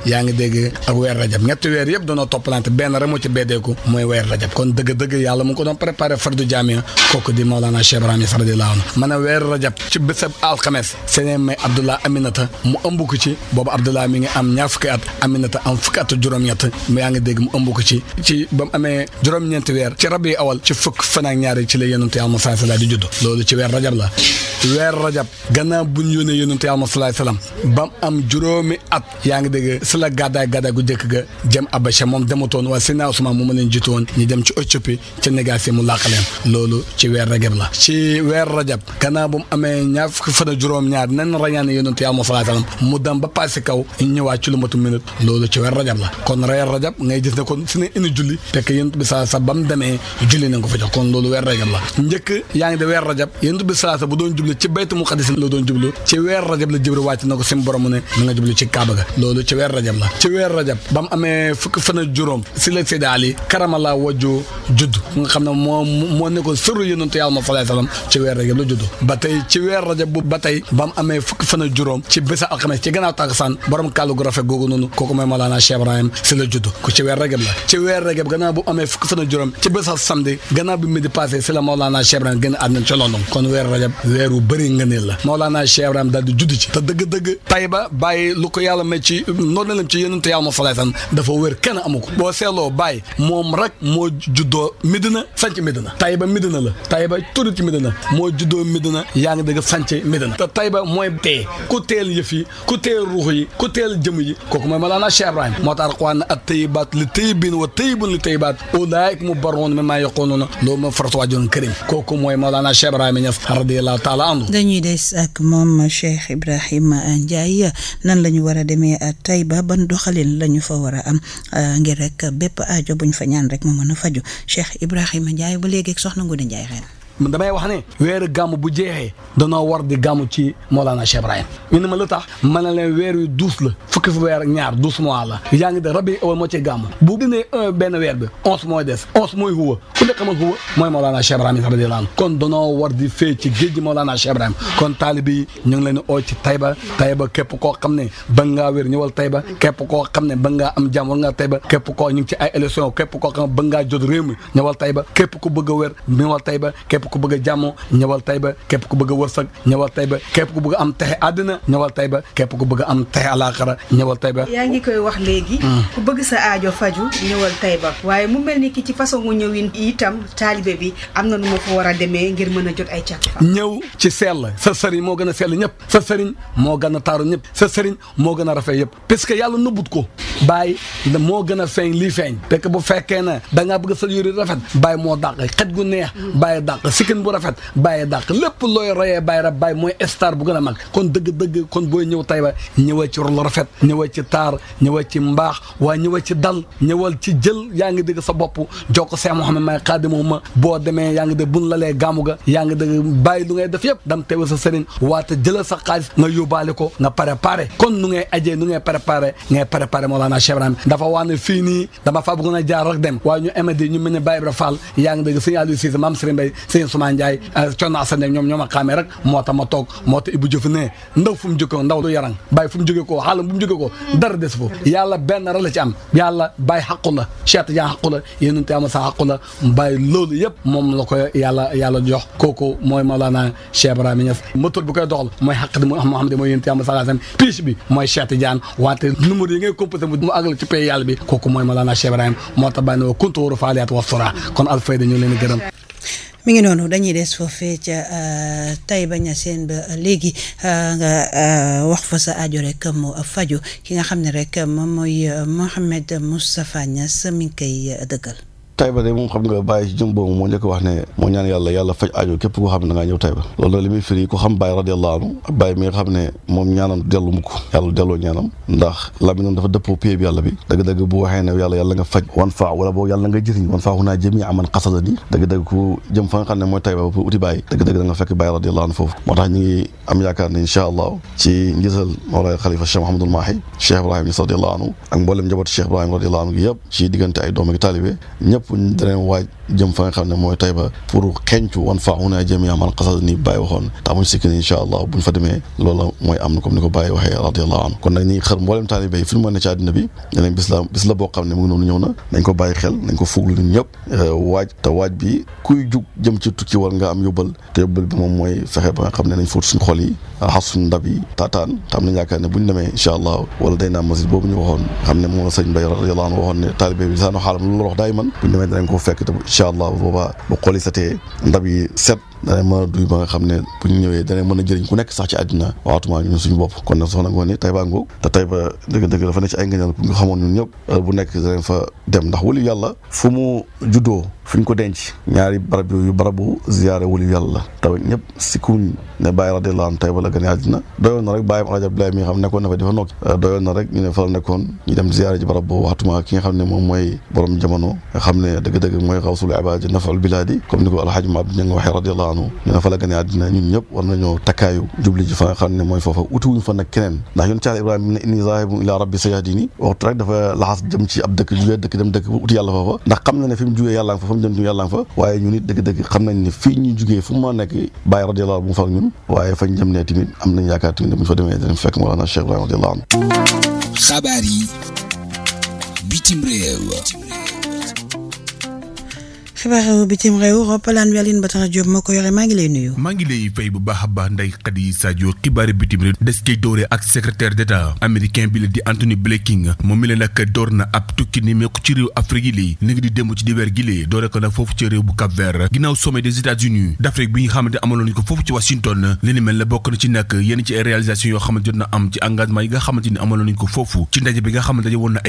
yaa ngi dégg ak weer rajab ñetti weer yëpp doonoo toppalante benn rek moo ci beedeeku mooy weer rajab kon dëgg-dëgg yàlla mu ngi ko doon préparé fardu jaamia kooku di Maolana Cheikh Ibrahima radiyallahu anhu ma ne weer rajab ci bésab alxames seeneen may Abdullah Aminata mu ëmb ko ci boobu Abdullah mi ngi am ñaar fukki at Aminata am fukki at juróom-ñett mu yaa ngi dégg mu ëmb ko ci ci ba mu juróom-ñeenti weer ci rabi awal ci fukk fan ak ñaari ci la yonente yàlla Musaa di judd loolu ci weer rajab la weer rajab gannaaw bu ñu yónnee yónnante Yàlla salaay salaam ba mu am juróomi at yaa ngi dégg si la gàddaay gàddaay gu njëkk ga jëm Abacha moom demutoon waaye Seydina Ousmane moom leen jiitu woon ñu dem ci Éthiopie ca négacé mu làqaleen loolu ci weer rajab la ci weer rajab gannaaw bu mu amee ñaar fukki fan ak juróom-ñaar nan rañaane yónnante Yàlla salaay salaam mu dem ba passé kaw ñëwaat ci lu loolu ci weer rajab la kon weer rajab ngay gis ne kon si ne indi julli fekk yónnent bi saa sa ba mu demee julli nañ ko fa jox kon loolu weer rajab la njëkk yaa ngi de weer rajab yónnent bi saa bu doon jubli ci baytu muqaddis la doon jubli jublu ci weer rajab la jibril wàcc ci weer rajab la ci weer rajab ba mu amee fukki fan ak juróom si la Seydi Ali karamala wajju judd nga xam ne moo moo nekkoon sëru yonentu yàlla ma sallallahu alayhi wasallam ci weer rajab ba ci weer ba tey ba mu fan ak juróom ci bésa alxames ci gannaaw takkusaan borom kàllu gu rafet googu noonu kooku mooy Mawlana Cheikh Ibrahim si la judd ku ci weer rajab la ci weer rajab gannaaw bu amee fukki fan ak juróom ci bésa samedi gannaaw bi midi passé si la Mawlana Cheikh Ibrahim gën a àddina ci kon weer rajab weeru bëri ngëneel la Maolana Cheikh Ibrahima daal di judd ci te dëgg-dëgg Taïba bàyyi lu ko yàlla may ci noonu la ci yonente yàlla ma salaam dafa wér kenn amu boo seetloo bàyyi moom rek moo juddoo Medina sanc Medina Taïba Medina la Taïba tudd ci Medina moo juddoo Medina yaa ngi dëgg sanc Medina te Taïba mooy tee ku teel yëf yi ku teel ruux yi ku teel jëm yi kooku mooy Maolana Cheikh Ibrahima moo tax alquran a tayyibaat li tayyibin wa tayyibun li tayyibaat ulaa'ika mubarra'uuna mimmaa yaquuluuna loolu ma na waajoon karim kooku mooy Maolana Cheikh Ibrahima Niass moom Cheikh Ibrahima Ndiaye nan la ñu war a demee ba ban doxalin la ñu fa war a am ngir rek bépp aajo bu ñu fa ñaan rek mu mën a faju Cheikh Ibrahima Ndiaye ba léegi soxna Ngoné Ndiaye ren. man damay wax ne weeru gàmm bu jeexee danoo war di gàmm ci Mawlana na Ibrahim ñu ne ma lu tax ma ne leen weer yu douze la fukki fu weer ak ñaar douze mois la yaa ngi de rabi awal moo ci gàmm bu dine un benn weer bi onze mooy des onze mooy huwa ku nekk xamal huwa mooy Mawlana Cheikh Ibrahim radiyallahu anhu kon danoo war di fee ci géej gi kon taalibe yi ñu ngi leen di oo ci Tayba Tayba képp koo xam ne ba ngaa wér ñëwal Tayba képp koo xam ne ba ngaa am jàmm war ngaa Tayba képp koo ñu ci ay élection képp koo xam ne ba ngaa jot réew mi ñëwal Tayba képp ku bëgg a wér ñëwal Tayba képp képp ku bëgg a ñëwal a a a am texe àlaaxara mm. taalibe bi am na nu ma ko war a demee ngir mën a jot ay càq ñëw ci sell sa sëriñ moo gën a sell ñëpp sa sëriñ moo gën a taaru ñëpp sa sëriñ moo gën a rafet yëpp parce que yàlla nëbbut ko bàyyi moo gën a feeñ lii feeñ parce bu fekkee ne da ngaa bëgg sa yëri rafet bàyyi moo dàq xet gu neex mm. bàyyi dàq sikkin bu rafet bàyyi dàq lépp looy royee bàyyi rab bàyyi mooy star bu gën a mag kon dëgg-dëgg kon booy ñëw Taïba ñëwal ci rol rafet ñëwal ci taar ñëwal ci mbaax waaye ñëwal ci dal ñëwal ci jël yaa ngi dëgg sa bopp jokk Seex Muhammad may xaadimu ma boo demee yaa ngi dëgg buñ lalee gàmmu ga yaa ngi dëgg bàyyi lu ngay def yëpp dam teewal sa sëriñ waate jëlal sa xaalis nga yóbbaale ko nga préparé kon nu ngay ajee nu ngay préparé ngay préparé Mawlana Cheikh Ibrahim dafa waa ne fii nii dama jaar rek dem ñu mel ne Baye Ibra Fall yaa ngi dëgg Ousmane Ndiaye eh, Thierno Assane ñoom ñoo ma xaamee rek moo tax ma toog moo tax Ibou Diouf ne ndaw fu mu jógee ndaw du yaram bàyyi fu mu jógee koo xaalam fu mu jógee koo dara des fo yàlla benn rek la ci am yàlla bàyyi xaqu la Cheikh Tidiane xaqu la yéen te ama sa xaqu la bàyyi loolu yëpp moom la ko yàlla yàlla jox kooku mooy Maolana Cheikh Ibrahima Niass moteur bi koy doxal mooy xaq di Muhammad mooy yéen bi ko Cheikh Tidiane wante mu àggal ci pay yàlla bi kooku mooy moo tax bàyyi na wa kuntu waru faaliyaat wa sura kon alfayda ñu leen gërëm mi ngi noonu dañuy des foofee ca euh, Taïba Niassène ba léegi euh, nga euh, wax fa sa aajo rek mu faju ki nga xam ne rek moom mooy Mouhamed Moustapha Niass mi ngi koy dëggal. Taïba de moom xam nga Baye ci jëm boobu moo njëkk wax ne moo ñaan yàlla yàlla faj aajo képp koo xam ne da ngaa ñëw Taïba loolu nag li muy firi ko xam Baye radiyallahu anhu ak Baye mi xam ne moom ñaanam dellu mukk yàlla delloo ñaanam ndax laminam dafa dëppoo pied bi yàlla bi faj wan wala boo yàlla nga jëriñ wan faaxu naa aman xasada ni dëgg ku jëm fa nga xam ne mooy Taïba pour uti fekk Baye radiyallahu anhu foofu moo tax ñu ngi am yaakaar ci ngisal pour ñu danañ waaj jëm fa nga xam ne mooy Tayba pour xencu wan faaxuna jami amal xasas ni Baye waxoon te amuñ sikki ni incha allah buñ fa demee loola mooy am na comme ni ko Baye waxee radiallahu anhu kon nag ñi xër mboolem taalibe yi fi ñu mën ne ci àddina bi danañ bis bis la boo xam ne mu ngi noonu ñëw na nañ ko bàyyi xel nañ ko fuglu ñun ñëpp euh, waaj te waaj bi kuy jug jëm ci tukki war nga am yóbbal te yóbbal bi moom mooy fexe ba nga xam ne nañ fóot suñ xol yi raxas suñu ndab yi taataan te am nañ yaakaar ne bu ñu demee incha allah wala day naam masjid boobu ñu waxoon xam ne moom la sëñ Mbay radiyallahu anhu waxoon ne taalibe bi saano xaalam loolu wax daay man bu ñu demee danañ ko fekk te incha allah boobaa bu xooli satee ndab yi set danay mën a duy ba xam ne bu ñu ñëwee nekk sax ci àddina waatuma ñun suñu bopp kon nag soxna Ngoné Taïba ngoog te Taïba dëgg-dëgg dafa ne ko denc ñaari barab yooyu barabu a na rek bàyyam Alaaji Abdoulaye mi nga xam nekkoon na fa di fa nokki euh, na rek ñu ne fa la nekkoon ñu dem ziyaare ji barab boobu ki xam ne moom mooy borom jamono nga xam ne dëgg-dëgg mooy xawsul ibaad nafal bilaadi comme ni ko alhaaji ma abdu ña nga waxee taala anhu nee na fa la gane àddina ñun ñëpp war nañoo takkaayu jubli ji fa nga xam ne mooy foofa utiwuñ fa nag keneen ndax yoon caala ibrahima ne inni zaahibun ilaa rabbi sayahdini waxtu rek dafa laxas jëm ci ab dëkk jugee dëkk dem dëkk uti yàlla na ne fi fa fa mu xam nañ ne fii ñu jugee fu nekk bàyyi radiyallahu bu mu fag ñun waaye fañ jëm ne tamit am nañ yaakaar tamit ñu fa demee dinañ fekk Mawlana Cheikh Ibrahima radiyallahu anhu xabaar yi bitim réew xibaaru bitim réew roppalaan wi Alioune Batara Diop moo ko yore maa ngi lay nuyu. maa ngi lay fay bu baax a baax Ndeye Khady Sadio xibaaru bitim réew des koy dooree ak secrétaire d'État américain bi la di Anthony Blinken moom mi la nag door na ab tukki ni meeku ci réew Afrique yi lii ni ngi di démb ci diweer gi lii doore ko nag foofu ci réew bu Cap-Vert ginnaaw sommet des États-Unis d'Afrique bi nga xamante foofu ci Washington li ni mel la bokk yoo xamante jot na am ci engagement yi nga xamante ni am ko foofu ci ndaje bi nga a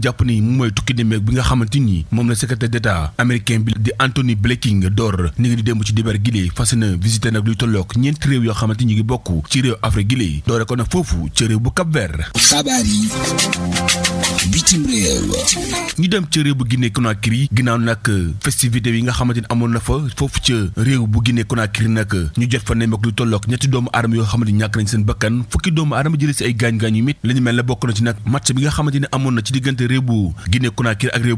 jàpp ni mooy tukki ni meek bi nga xamante ni moom la secrétaire d'état américain bi di Anthony Blinken door ni ngi di démb ci diber gile fas na visité nag luy tolloog ñeenti réew ngi bokk ci réew Afrique gile doore ko nag foofu ci réew bu Cap-Vert. xabaar yi bitim réew. ñu ginnaaw nag festivité yi nga xamante ni amoon na fa foofu ca réew bu Guinée Conakry nag ñu jot fa ne mag lu tolloog doomu aadama yoo xamante ni ñàkk nañ seen bakkan fukki doomu aadama jëlee si ay gaañ-gaañ yu mit la mel ne bokk na ci nag match bi nga xamante ni amoon na ci diggante réew bu Guinée Conakry ak réew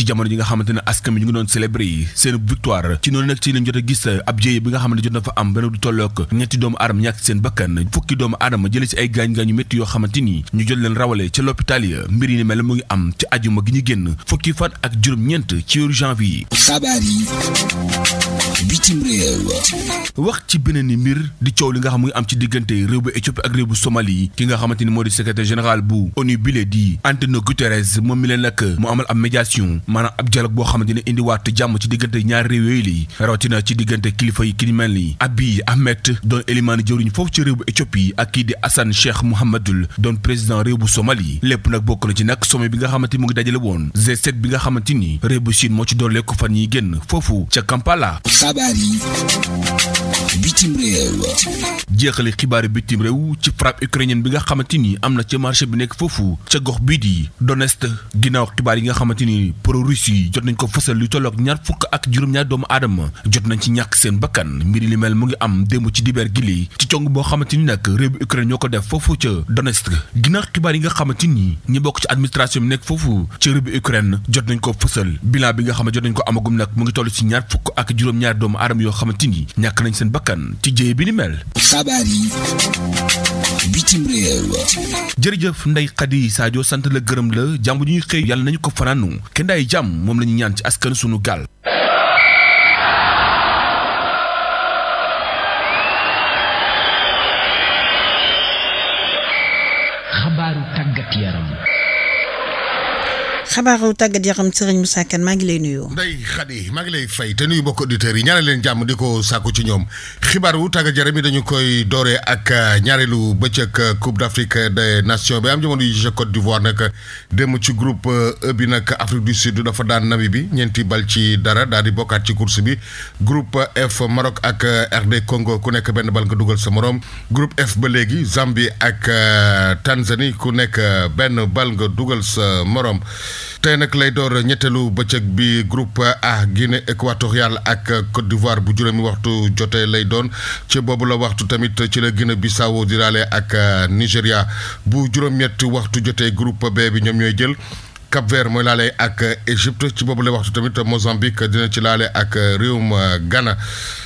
ci jamono ji nga xamante ne askan ñu ngi doon célébré seen victoire ci noonu nag ci lañ jot a gis ab jéye bi nga xamante jot na fa am benn du tollook ñetti doomu aadama ñàkk seen bakkan fukki doomu aadama jële ci ay gaañ-gaañu métti yoo xamante ñu jot leen rawale ca l'hôpital ya mbir yi mel mu ngi am ci ajuma gi ñu génn fukki fan ak juróom-ñeent ci weeru janvier yi bitim réew wax ci beneen mbir di coow li nga xam muy am ci diggante réew bu Éthiopie ak réew bu Somalie ki nga xamante ni moo di secrétaire général bu ONU bile di Antonio Guterres moom mi leen nag mu amal ab médiation maanaam ab dialogue boo xamante ne indiwaat jàmm ci diggante ñaari réew yooyu li rawatina ci diggante kilifa yi kilimel yi Abiy Ahmed doon élimaani jëwriñ foofu ci réew bu Éthiopie ak kii di Hassan Cheikh Mouhamadul doon président réew bu Somalie lépp nag bokk na ci nag sommet bi nga xamante ni mu dajale woon g bi nga xamante ni moo ci doon lekk fan foofu ca Kampala xabaar yi bitim réew jeexale xibaari bitim réew ci frappe ukrainienne bi nga xamante ni am na ca marché bi nekk foofu ca gox bii di Donetsk ginnaaw xibaar yi nga xamante ni pro-russe yi jot nañ ko fësal lu tolloog ñaar fukk ak juróom-ñaar doomu aadama jot nañ ci ñàkk seen bakkan mbiri li mel mu ngi am démb ci dibeer gili ci cong boo xamante ni nag réew bi Ukraine ñoo ko def foofu ca Donetsk ginnaaw xibaar yi nga xamante ni ñi bokk ci administration bi nekk foofu ca réew bi Ukraine jot nañ ko fësal bilan bi nga xam ne jot nañ ko amagum nag mu ngi toll ci ñaar fukk ak juróom-ñaar doomu aadama yoo xamante ni ñàkk nañ seen bakkan ci jéye bi ni mel. xabaar yi bitim réew. jërëjëf Ndeye Khady sant la gërëm la jàmm ñuy xëy yàlla nañu ko fanaanu kenn ay jàmm moom la ñaan ci askan sunu gaal. xabaaru tàggat yaram sëriñ Moussa Kane maa ngi lay nuyu. Ndeye Khady maa ngi lay fay te nuyu bokk auditeurs yi ñaanal leen jàmm di ko sàkku ci ñoom xibaaru tàgg yaram mi dañu koy dooree ak uh, ñaareelu bëccëg uh, Coupe d'Afrique des nation bi am jamono yi ci Côte d'Ivoire nag dem ci groupe E bi nag Afrique du Sud dafa daan Namibie bi ñeenti bal ci dara daal di bokkaat ci course bi groupe F Maroc ak RD Congo ku nekk benn bal nga dugal sa morom groupe F ba léegi Zambie ak Tanzanie ku nekk benn bal dugal sa morom. tey nag lay door ñetteelu bëccëg bi groupe A Guinée équatoriale ak Côte d'Ivoire bu juróomi waxtu jotee lay doon ci boobu la waxtu tamit ci la Guinée Bissau di laale ak Nigéria bu juróom-ñetti waxtu jotee groupe B bi ñoom ñooy jël. Cap Vert mooy laale ak Égypte ci boobu la waxtu tamit Mozambique dina ci laale ak réewum Ghana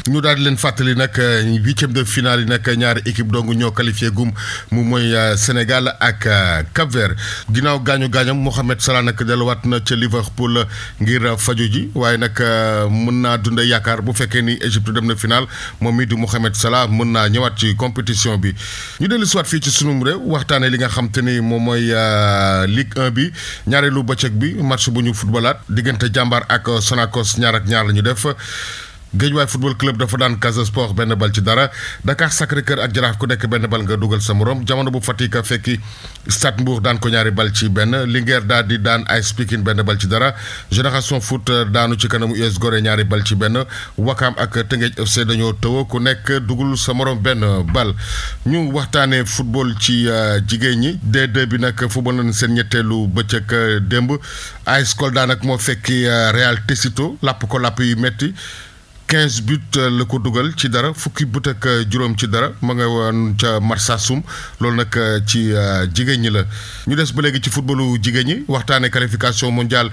ñu daal di leen fàttali nag huitième de finale yi nag ñaari équipe dong ñoo qualifié gum mu mooy euh, Sénégal ak euh, Cap Vert ginnaaw gaañu gaañam Mohamed Salah nag delluwaat na ca Liverpool ngir fajo ji waaye nag euh, mën naa dund yaakaar bu fekkee ni Égypte dem na finale moom mi du Mohamed Salah mën naa ñëwaat ci compétition bi ñu dellu siwaat fii ci sunum réew waxtaanee li nga xam ni moom mooy Ligue bi lu bëccëg bi match bu ñu footballaat diggante jàmbaar ak Sonacos ñaar ak ñaar la ñu def. Guédiawaye football club dafa daan Casa Sport benn bal ci dara Dakar Sacré-Cœur ak Jaraaf ku nekk benn bal nga dugal sa morom jamono bu Fatick fekki Stade Mbour daan ko ñaari bal ci benn Linguère daal di daan AS Pikine benn bal ci dara Génération Foot daanu ci kanamu US Gorée ñaari bal ci benn Wakaam ak Tëngéej FC dañoo tëwa ku nekk dugul sa moroom benn bal ñu waxtaanee football ci euh, jigéen ñi D2 bi nag football nañu seen ñetteelu bëccëg euh, démb AS Kolda nag moo fekki euh, Real Tessito làpp ko làpp yu metti 15 but euh, la ko dugal ci dara fukki but ak euh, juróom ci dara ma nga woon ca Marsassoum loolu nag euh, ci jigéen ñi la ñu des ba léegi ci footballu jigéen ñi waxtaanee qualification mondiale.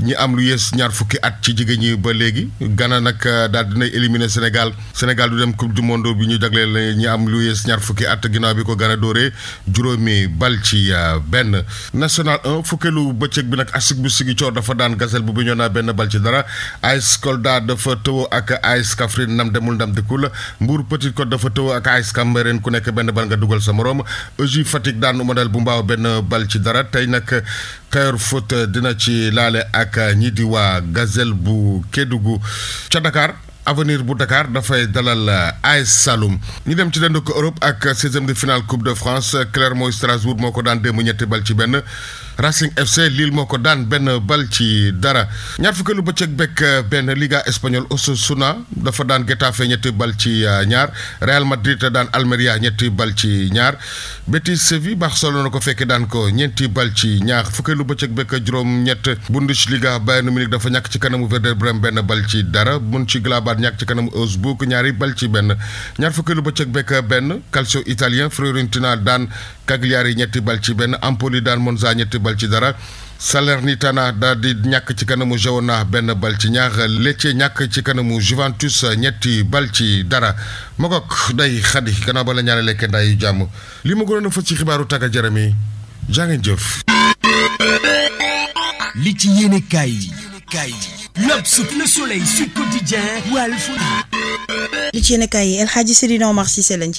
ñu am lu yées ñaar fukki at ci jigéen ñi ba léegi gana nag euh, daal dinay éliminer Sénégal Sénégal du dem coupe du monde bi ñu jagleel ñi am lu yées ñaar fukki at ginnaaw bi ko Ghana dooree juróomi bal ci euh, benn national 1 fukkeelu bëccëg bi nag asik bu sigi coor dafa daan gasel bu bi ñoo naa benn bal ci dara AS Kolda dafa tëwoo ak AS Kaffrine nam demul ndam dikkul Mbour Petite Côte dafa tëwoo ak AS Cambérène ku nekk benn bal nga dugal sa morom EJ Fatick daan umadal bu mbaaw benn bal ci dara tey nag Kayor Foot dina ci laale ak ñii di waa Gazelle bu Kédougou ca Dakar. avenir bu Dakar dafay dalal AS Saloum ñu dem ci denduk Europe ak 16e de finale Coupe de France Clermont Strasbourg moo ko daan démb ñetti bal ci benn. Racing FC Lille moo ko daan benn bal ci dara ñaar fukki lu bëccëg bekk benn Liga espagnole Osasuna dafa daan Getafe ñetti bal ci euh, ñaar Real Madrid daan Almeria ñetti bal ci ñaar Betis Séville Barcelona ko fekkee daan ko ñeenti bal ci ñaar fukki lu bëccëg bekk juróom-ñett Bundesliga Bayern Munich dafa ñàkk ci kanamu Werder benn bal ci dara Mönchengladbach ñàkk ci kanamu Augsburg ñaari bal ci benn ñaar fukki lu bëccëg bekk benn Calcio italien Fiorentina daan Cagliari ñetti bal ci benn Empoli daan bal ci dara Salernitana daal di ñàkk ci kanamu Girona benn bal ci ñaar Lecce ñàkk ci kanamu Juventus ñetti bal ci dara ma goog day xadi gannaaw ba la ñaane lekk ndaayu jàmm li ma gënoon a fës ci xibaaru tàgga jarami jaa ngeen jëf li ci yéene kaay kaay L'Obs, Le li ci yéene yi El Hadji Seydina Omar Cissé lañ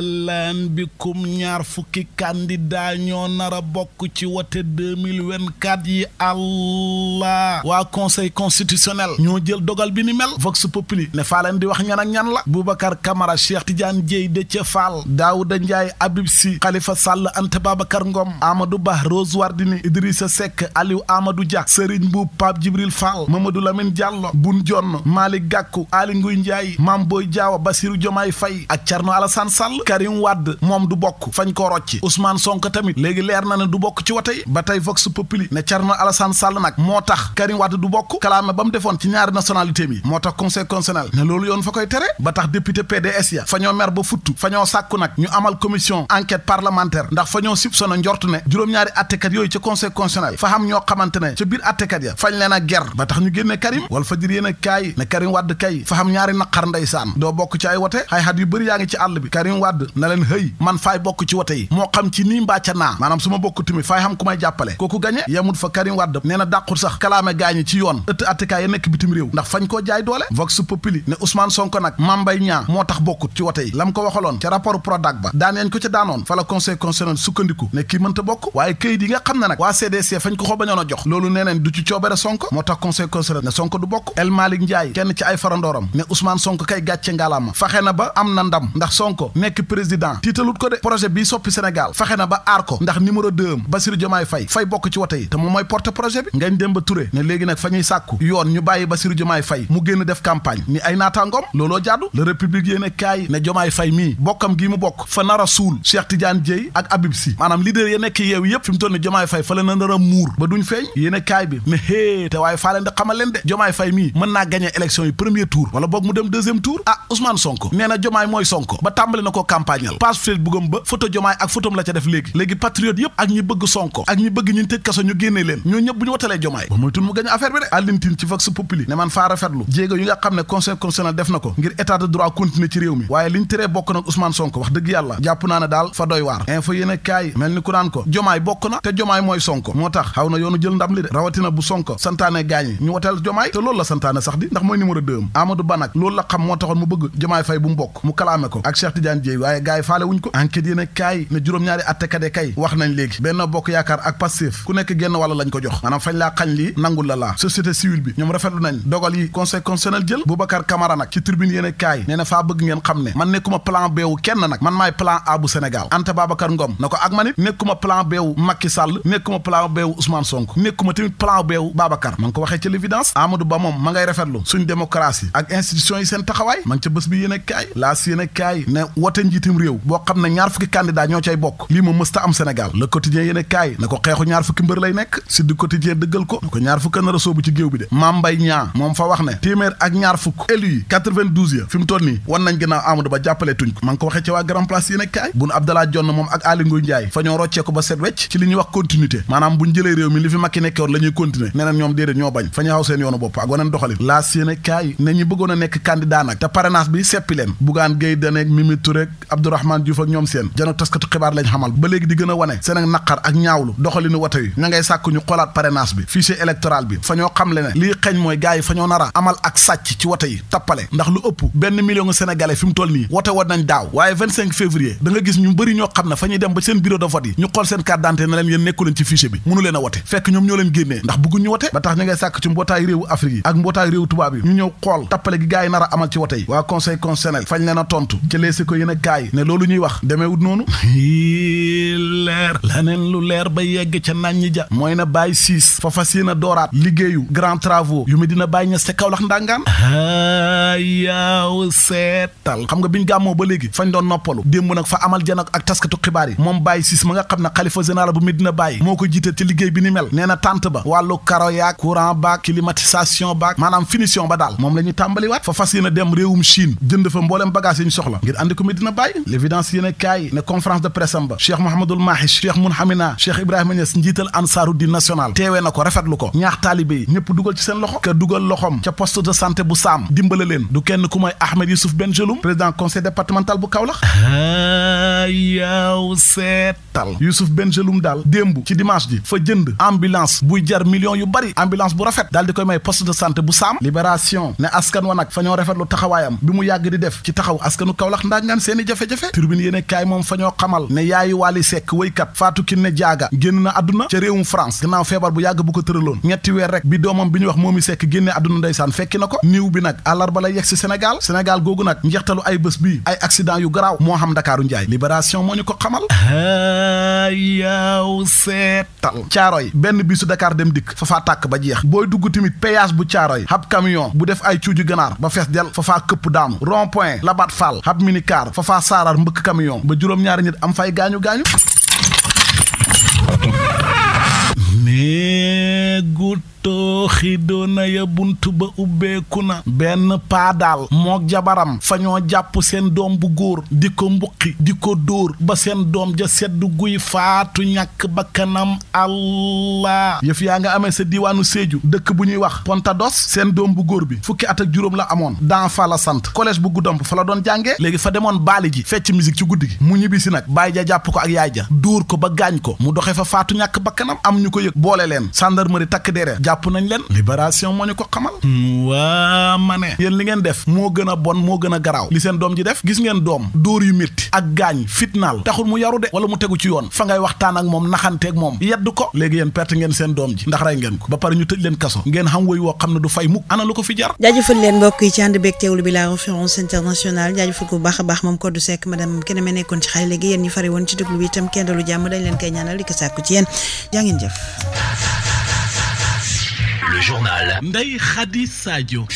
ahlan bikum ñaar fukki candidat ñoo nar bokk ci wote 2024 yi allah waa conseil constitutionnel ñoo jël dogal bi ni mel vox populi ne faa di wax ñan ak ñan la Boubacar Camara Cheikh Tidiane Dièye Déthié Fall Daouda Ndiaye Habib Sy Khalifa Sall Anta Babacar Ngom Amadou Ba Rose Wardini Idrissa Seck Aliou Amadou Dia Serigne Mboup Pape Djibril Fall Mamadou Lamine Diallo Boun Dionne Malick Gakou Ali Nguy Ndiaye Mame Boye Diao Bassirou Diomaye Faye ak Thierno Alassane Sall Karim Wade moom du bokk fañ ko rocci Ousmane Sonko tamit léegi leer na ne du bokk ci wote yi ba tey Vox Populi ne Thierno Alassane Sall nag moo tax Karim Wade du bokk kalaame ba mu defoon ci ñaari nationalité mi moo tax conseil constitutionnel ne loolu yoon fa koy tere ba tax député PDS ya fa mer ba futtu fa sàkku nag ñu amal commission enquête parlementaire ndax fa ñoo sib sona njort ne juróom-ñaari attekat yooyu ca conseil constitutionnel fa xam ñoo xamante ne a ger a Wade na leen hëy man faay bokk ci wote yi moo xam ci nii mbaa ca naa maanaam su ma ne Ousmane la bokk waaye këyit yi nga xam ne nag waa CDC fañ ko ko bañoon a jox loolu nee neen du ci coobare Sonko moo tax conseil constitutionnel ne Sonko du bokk El Malick kenn ci ay farandooram ne Ousmane Sonko kay gàcce ngalaama faxe na ba am na ndam ndax Sonko président tiitalut ko de projet bi soppi Sénégal fexe na ba aar ko ndax numéro deux am Bassirou Diomaye Faye fay bokk ci wote yi te moom mooy porte projet bi Ngagne Demba Touré ne léegi nag fa ñuy sàkku yoon ñu bàyyi Bassirou Diomaye Faye mu génn def campagne ni ay naataangoom looloo jaadu le république yéene kaay ne Diomaye Faye mii bokkam gi mu bokk fa nara a suul Cheikh Tidiane Dièye ak Habib Sy maanaam leader ya nekk yeew yépp fi mu toll ni Diomaye Faye fa la na nar a muur ba duñ feeñ yéene kaay bi ne hée te waaye faa leen de Diomaye Faye mii mën naa gagner élection yi premier tour wala boog ah ko campagnal page Facebook am ba photo jomaay ak photom la ca def léegi léegi patriote yëpp ak ñi bëgg Sonko ak ñi bëgg ñu tëj kaso ñu génnee leen ñoo ñëpp bu ñu wotalee jomaay ba moytul mu gañ affaire bi de àllintin ci vox populi ne man faa rafetlu jéego yi nga xam ne conseil constitutionnel def na ko ngir état de droit continuer ci réew mi waaye liñ teree bokk nag Ousmane Sonko wax dëgg yàlla jàpp naa ne daal fa doy waar info yéen a kaay mel ni ku ko jomaay bokk xaw na yoonu jël ndam li bu Sonko santaane gaañi ñu woteel jomaay te loolu la santaane sax di ndax mooy numéro 2 Amadou Ba nag loolu la xam waaye gars yi faale wuñ ko enquête yéen a ne juróom-ñaari attekade kay wax nañ léegi benn bokk yaakaar ak Pastef ku nekk génn wàlla lañ ko jox maanaam fañ laa xañ li nangul la laa société civile bi ñoom rafetlu nañ dogal yi conseil constitutionnel jël Boubacar Camara nag ci tribune yéen a kaay nee na faa bëgg ngeen xam ne man nekkuma plan B wu kenn nag man maay plan A bu Sénégal Anta Babacar Ngom na ko ak man it nekkuma plan B wu Macky Sall nekkuma plan nekkuma tamit plan B wu Babacar ma waxee ci Ba moom ma ngay seen taxawaay ma ngi ca njiitum réew boo xam ne ñaar fukki candidat ñoo cay bokk lii moom mësta am Sénégal le quotidien yéen kaay na ko xeexu ñaar fukki mbër lay nekk Sud Quotidien dëggal ko na ko ñaar fukka nar a soobu ci géew bi de Mame Mbaye Niang moom fa wax ne téeméer ak ñaar fukk élu yi 92 ya fi mu toll nii wan nañ gannaaw Amadou Ba jàppale tuñ ko ma ngi ko waxee ci waa Grand Place yéen kaay Boun Abdallah Dionne moom ak Aly Ngouille Ndiaye fa ñoo roccee ko ba set wecc ci li ñuy wax continuité maanaam ne ñu a nekk candidat nag te Abdourahmane Diouf ñoom seen janook taskatu xibaar lañ xamal ba léegi di gën wane seen ak naqar ak ñaawlu doxalinu wote wi ña sàkk ñu xoolaat parrainage bi fichier électoral bi fa ñoo ne lii xeeñ mooy gars yi nara amal ak sàcc ci wote yi tappale ndax lu ëpp benn million sénégalais fi toll nii wote woon nañ daaw waaye 25 février gis ñu bëri ñoo xam ne fa dem ba seen bureau de yi ñu xool seen carte d'identité leen yéen nekku ci fichier kaay ne loolu ñuy wax demeewut noonu *laughs* leer laneen lu leer ba yegg ca naan ñi ja mooy na bàyyi siis fa fas yéen a dooraat liggéeyu grand travaux yu Medina Baye Niass ca Kaolack ndangaan yaaw seetal xam nga biñ gàmmoo ba léegi fañ doon noppalu démb nag fa amal janok ak taskatu xibaar yi moom bàyyi siis ma nga xam ne xalifa général bu Medina Baye moo ko jiite ci liggéey bi ni mel nee na tànt ba wàllu karo yaak courant baak climatisation baak maanaam ba daal moom la ñuy tàmbaliwaat fa fas yéen dem réewum Chine jënd fa mbooleem Baye l'évidence yéen a kaay ne conférence de presse am ba Cheikh Mouhamadoul Mahi Cheikh Mounhamina Cheikh Ibrahima Niass njiital ansaaru di national teewee na ko rafetlu ko ñaax taalibe yi ñëpp dugal ci seen loxo ka dugal loxom ca poste de santé bu saam dimbale leen du kenn ku may Ahmed Youssouf Benjeloum président conseil départemental bu Kaolack yaaw seetal Youssouf Benjeloum daal démb ci dimanche ji fa jënd ambulance bu jar million yu bari ambulance bu rafet daal di koy may poste de santé bu saam libération ne askan wa nag taxawaayam bi mu yàgg di def jafe-jafe turbine yéen kaay moom fa ñoo xamal ne yaay yaayu Wally Seck faatu Fatou Kiné Diaga génn na àdduna ca réewum France gannaaw feebar bu yàgg bu ko tëraloon ñetti weer rek bi doomam bi ñu wax Momy sekk génne àdduna ndeysaan fekki na ko niiw bi nag àllarba lay yegg si senegal Sénégal googu nag njeextalu ay bés bii ay accident yu garaaw moo xam Ndakaaru Njaay Libération moo ñu ko xamal yaaw seetal caaroy benn bisu Dakar dem dikk fa tàkk ba jeex booy dugg tamit péage bu caaroy hab camion bu def ay cuuju ganaar ba fees del fa faa këpp daanu rond point labat fall waa Saaraar mbëkk camion ba juróom-ñaari nit am fay gaañu gaañu. mais tooxi doona ya bunt ba ubbeeku na benn paa daal jabaram fa ñoo jàpp seen doom bu góor di ko mbuqi di ko dóor ba seen doom ja sedd guy faatu ñàkk bakkanam allah yëf yaa ngi amee sa diiwaanu Sédhiou dëkk bu ñuy wax Pontados seen doom bu góor bi fukki at ak juróom la amoon dan fa la sant collège bu Goudomp fa la doon jàngee léegi fa demoon baali ji fecc musique ci guddi gi mu ñibbi si nag baay ja jàpp ko ak yaay ja dóor ko ba gaañ ko mu doxee fa faatu ñàkk bakkanam am ko yëg boole leen gendarmerie takk dere jàpp nañ leen libération moo ñu ko xamal waa ma ne ngeen moo gën a bon moo gën a garaaw li doom ji def gis ngeen doom dóor yu métti ak gaañ fitnaal taxul mu yaru de wala mu ci yoon fa ngay waxtaan ak moom naxanteeg moom yedd ko léegi yéen seen doom ji ndax rey ngeen ko leen kaso ngeen xam ne du fay mukk ana lu ko fi jar jaajëfal leen mbokk yi ci ànd beeg teewlu bi la référence internationale jaajëfal ko bu baax a baax moom Codou Seck madame kenn me nekkoon ci xale léegi yéen ñu fari woon ci déglu bi itam kendalu jàmm dañ leen koy ñaanal di ko ci yéen jaa ngeen le journal. Ndeye Khady Sadio.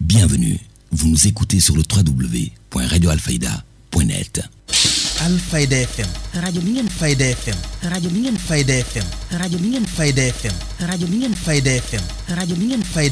Bienvenue, vous nous écoutez sur le www.radioalfayda.net. Alfayda FM. rajo bi FM. rajo bi ngeen Fayda FM. rajo bi ngeen FM. rajo bi ngeen rajo bi ngeen Fayda.